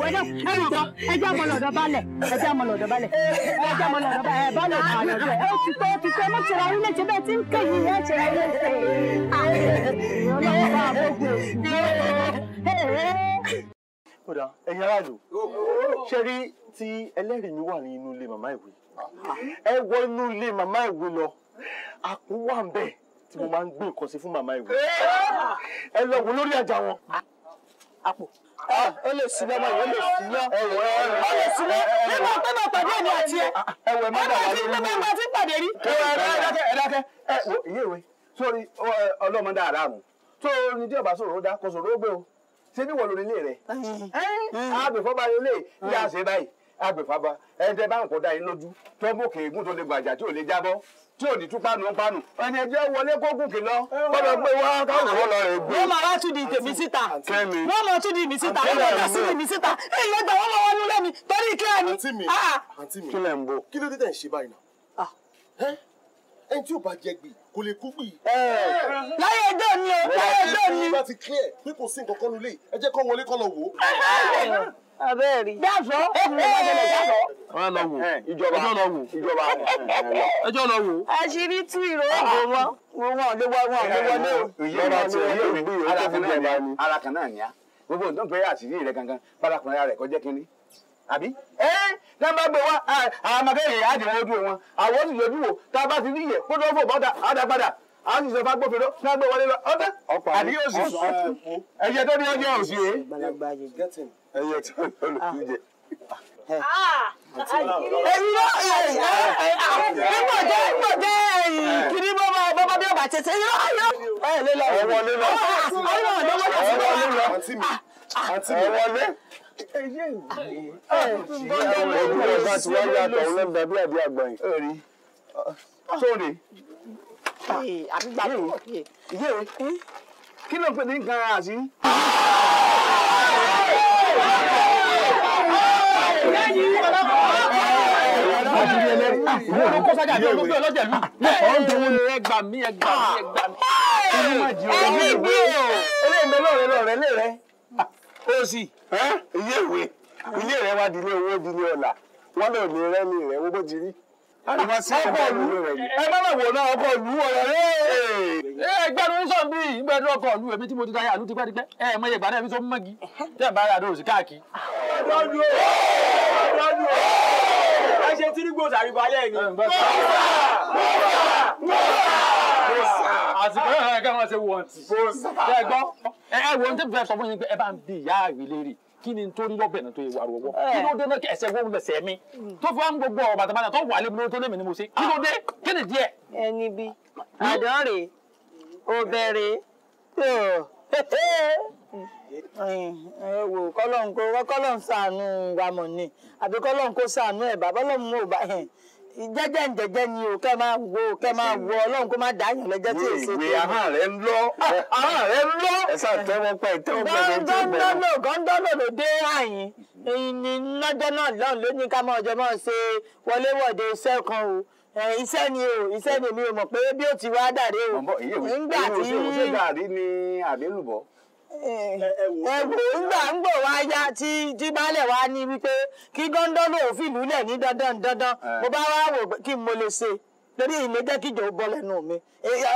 ẹjọ́ ẹ mọ̀ kọ́ ẹjọ́ mọ̀ lọ́dọ̀ balẹ̀ ẹjọ́ mọ̀ lọ́dọ̀ balẹ̀ ẹjọ́ mọ̀ lọ́dọ̀ balẹ̀ balẹ̀ balẹ̀ balẹ̀. Ẹ ti tọ́ ti tọ́ ẹ má ṣe ra orí lẹ́sẹ̀ bẹ́ẹ̀ ti ń kẹ́yìn ẹ ṣe kódà ẹ̀yin aráàlú ṣe rí tí ẹlẹ́rìí mi wà ní inú ilé màmá ìwé ẹ wọ inú ilé màmá ìwé lọ àpò wà ń bẹ̀ tí mo máa ń gbé nǹkan sí fún màmá ìwé ẹ lọ wò lórí àjà wọn. àpò ah, ó lè sí lọ́mọ yìí ó lè sí lọ́ ó lè sí lọ́ nígbà tó bá pàdé èmi àti ẹ ẹwẹ ah, ah, má dà lórí mi ọmọ àti pàdé rí. ẹ dákẹ́ ẹ dákẹ́ ẹ wò sórí ọlọ́mọdé àràrùn tó o ní tí ọba sọ̀rọ̀ ó dá kò sọ̀rọ̀ ó gbé o ṣé níwọ̀ lórí ilé rẹ̀ agbèfọ́ba ilé yà á ṣe báyìí agbèfọ́ba ẹ̀ẹ́dẹ́ bá ń kó dá yín lójú tó mú kéégún tó lè gbàjà tí ò lè jábọ́ tí ò ní tún pánú pánú ẹni ẹjọ́ wọlé kó gùnkè lọ kọ́lọ́ pé wá káwọn wọn lọ rẹ̀ gbé. wọ́n máa wá tún di tèmi síta wọ́n máa tún di mi síta wọ́n máa dá sí mi síta èyí ẹgbẹ́ wọn máa wọnú lẹ́mi torí kí ẹni. Ah. àǹtí mi kí ń bọ̀ kí ló dé tẹ̀ ń ṣe báyìí náà. Ah ẹni tí ò bá jẹ gbì kò lè kú gbì. láyé ẹjọ́ ni o láyé ẹjọ́ ni. bá ti clear pé kò sí nǹkan kan lulẹ̀ ẹ jẹ́ kó wọlé kó lọ wò ó. abẹ́ẹ̀ rí. dáfọ́ wọ́n lọ wò ìjọba ẹjọ́ lọ wò ìjọba ẹjọ́ lọ wò. àṣírí tú ìró ògbó wọn wọn ò lè wọ wọn ò lè wọlé o. ìjọba tí ẹ yóò gbé yòókù fún ìjọba ni. ara kan náà ni a gbogbo nǹkan pé àṣírí rẹ gangan bárakùnrin rẹ kọjá kínní àbí ẹ náà bá gbé wa àmàkẹ́yìn àti wọn ojú wọn àwọn sì yọjú wò tá a bá ti níyẹ kó tó fò bọ́dà àdàpadà a sì sọ fagbófinró náà gbé wọlé lọ ọtẹ àbí yóò sì sọ ẹyẹ tó ní ọjọ́ òsì eh? yìí ẹyẹ tó ní olùkú jẹ. Èmi ló nígbà jẹ́ ah. ah. nígbà jẹ́ kiri bọ́bá bọ́bá bí ọba tètè yọ ayọ. Ẹ wọlé lọ. Ẹ wọlé lọ. Ẹ wọlé lọ. Ẹ wọlé lọ. Ẹ wọlé ẹyẹ ìwé ẹ ìwé ọba tí òun lọ́dún dàbí àbí àgbọ̀yìn. sórí sórí ìyéwé kí ló ń pè ní nǹkan àti. Àṣírí ẹlẹ́rìí. kó sájà ní olóńgbé ọlọ́jà lù. Ọ̀hún tó wọ́n ní ẹgbàá mi ẹgbàá mi ẹgbàá mi. Ẹ̀rí ìgbé o. Eléyìí ń bẹ lọ́rẹ̀ lọ́rẹ̀ lé rẹ̀. òsì ilé ha ilé rẹ wá dilé di dilé ọ̀la wọn lè lè rẹ ní ìrẹ̀wó bó ti rí. ọkọ ìlú ẹ bá bẹ wò náà ọkọ ìlú ọ̀rọ̀ rẹ. ẹ gbẹnu tí mo ti ta yàrá tipẹ́ tipẹ́ ẹ mọ iye ìgbàdàn mi tó mọ́gi tẹ̀ bá káàkiri. ẹ ṣe balẹ̀ ni. àsìkò yẹn kẹ́ wọ́n ṣe wọ̀ntì. ẹ gbọ́ ẹ wo ní ẹ kí ni torí lọ́bẹ̀ náà tó yẹ wàrú ọwọ́ kí ló dé náà kí ẹsẹ̀ wọ́n lẹ̀sẹ̀ mi tó fi wá ń gbogbo ọ̀rọ̀ bàtàbàtà tó wà lébi lórí tó lémi ni mo ṣe kí ló dé kí ni díẹ̀. ẹni bí àdán rèé tó ẹ wò kọ́lọ́n kọ́lọ́n ṣàánú wa ni àbí kọ́lọ́n kó ẹ̀ bàbá ọlọ́run ò bá jẹ́jẹ́ ń jẹ́jẹ́ ni o kẹ́ máa wo kẹ́ máa wo ọlọ́run kó má dá yàn lẹ́jẹ́ tí èsì tó. ìwé ahọ́n rẹ̀ ń lọ ahọ́n rẹ̀ ń lọ. [laughs] ẹ sá tẹ́wọ́ pẹ́ tẹ́wọ́ pẹ́ tó tó bẹ̀rẹ̀. gọ́ńdọ́nù gọ́ńdọ́nù ló dé àyìn ní lọ́jọ́ náà lọ́run ló ní ká máa ọjọ́ máa ṣe wọléwọ̀de iṣẹ́ kan o iṣẹ́ ni o iṣẹ́ ni mi ò mọ̀ pé bí ó ti wá dàrí o. ìyẹ́ òṣèlú ṣe dàrí ni àdélùbọ̀ ẹ̀wò ńgbà ń gbò wá yá tí tí baálẹ̀ wá ní wípé kí gọ́ńdọ́n lòun fìlú lẹ̀ ní dandan dandan mo bá wá wò kí n mo lè ṣe lórí ìlé jẹ́ kíjọ bọ́ lẹ́nu mi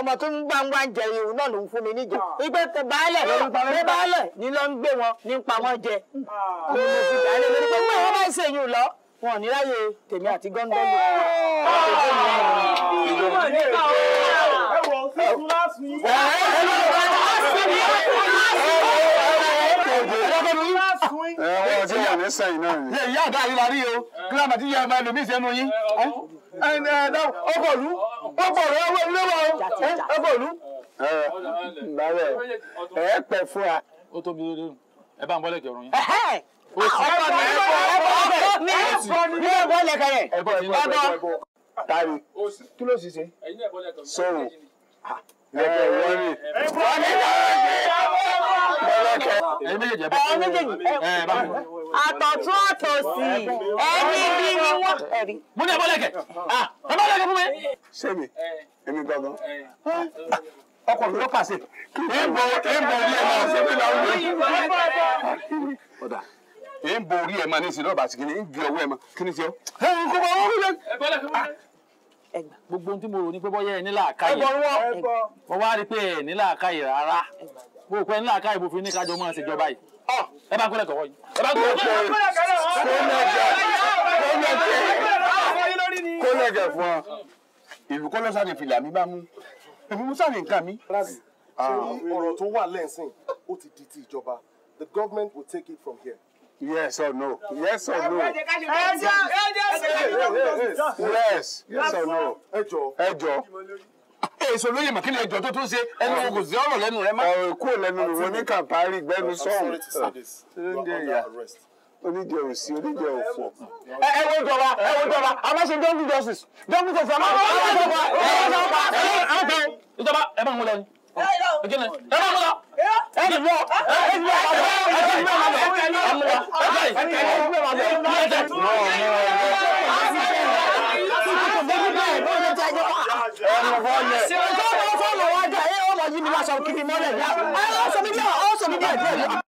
ọmọ tó ń gbangba jẹ ìhùn náà ló ń fún mi níjọ ìgbẹ́ tẹ baálẹ̀ lórí baálẹ̀ ni ló ń gbé wọn ní pamọ́ jẹ gbogbo àwọn bá ń ṣe yìí lọ wọn ní láyé tèmi àti gọ́ńdọ́n lò. ìlú mọ̀ nípa òun náà ẹ̀wọ̀n fífún láti ẹ̀wọ̀n tí yà ní sẹ́yìn náà ni. ìyá àdá yìí la rí o gírámà tí yà máa lòmí ìsẹ́nu yín ọkọ̀lú ọkọ̀lú ọwọ́ ilé wa ọkọ̀lú. bàbá ẹ ẹ pẹ fún wa. ó tóbi lórí ẹ bá ń bọ́lẹ̀ kẹrùn yín. ọ̀rọ̀ mi ẹ bọ̀ ẹ bọ̀ mi ẹ bọ̀ mi ẹ bọ̀ lẹ́kẹ̀ rẹ̀. ẹ bọ̀ ẹ bọ̀ ẹ bọ̀ tari kí ló sì ṣe. sọ̀rọ̀ yẹ̀kẹ̀ àtọ̀tún àtòsì ẹni bí ni wọ́n. mo ní ẹ̀bọ́lẹ̀kẹ̀ ẹ̀bọ́lẹ̀kẹ̀ fún mi. sẹ́mi èmi gangan ọkọ mi ló pàṣẹ. ìbò ìbò orí ẹ̀ máa ṣe mí láwùjọ. ìbò orí ẹ̀ máa ní ìsìn náà bàtí kìíní ń gbé ọwọ́ ẹ̀ máa kìíní ṣe ọ́. ẹ̀ ń kó bá wọ́n mi lẹ́nu ẹgbà. gbogbo ohun tí mo rò ní pé bọ́yá ẹ nílà àkáyè. ẹgbọ wọn. mo wá rí ẹ nílà àkáyè rárá. mo rò pé ẹ mo fi ní kájọ mọ́ ṣèjọba yìí. Ah! ẹ bá gbọ́dọ̀ kọ̀wọ́ yìí. ẹ bá gbọ́dọ̀ kọ̀wọ́ yìí. kólẹ̀jẹ̀ ah! fún ọ ìlú kọ́lọ́sà ni fìlà mi bá mú èmi mú sáré nǹkan mi. Ah! ọ̀rọ̀ tó wà lẹ́sìn ó ti di ti ìjọba The government will take it from here. Yes or no? Yes or no? Yes. Yes or no? Ẹjọ́. Ẹjọ́. Èso lóye màkìlì ẹjọ́ tó tún ṣe ẹnu wo kò sí ọ̀rọ̀ lẹ́nu rẹ mọ́. Ọ̀rọ̀ kúrò lẹ́nu rẹ ní kàmpárì gbẹ́nu sọ̀rọ̀. Ṣé ń yà? Onídìí ò sí, onídìí ò fọ̀. Ẹ wo ìjọba, ẹ wo ìjọba, a máa ṣe Dunkin' justice, Dunkin' justice, a máa ṣe ìjọba, ìjọba, ìjọba, ẹ máa ń wọlé ni. Ṣé o tó fọ́ọ̀lù wájà? Ẹ ọmọ yìí ni wọ́n sọ kí ni mọ́lẹ̀ ní àwọn. Ẹ ọ̀sọ̀ mi díẹ̀, ọ̀sọ̀ mi díẹ̀ díẹ̀.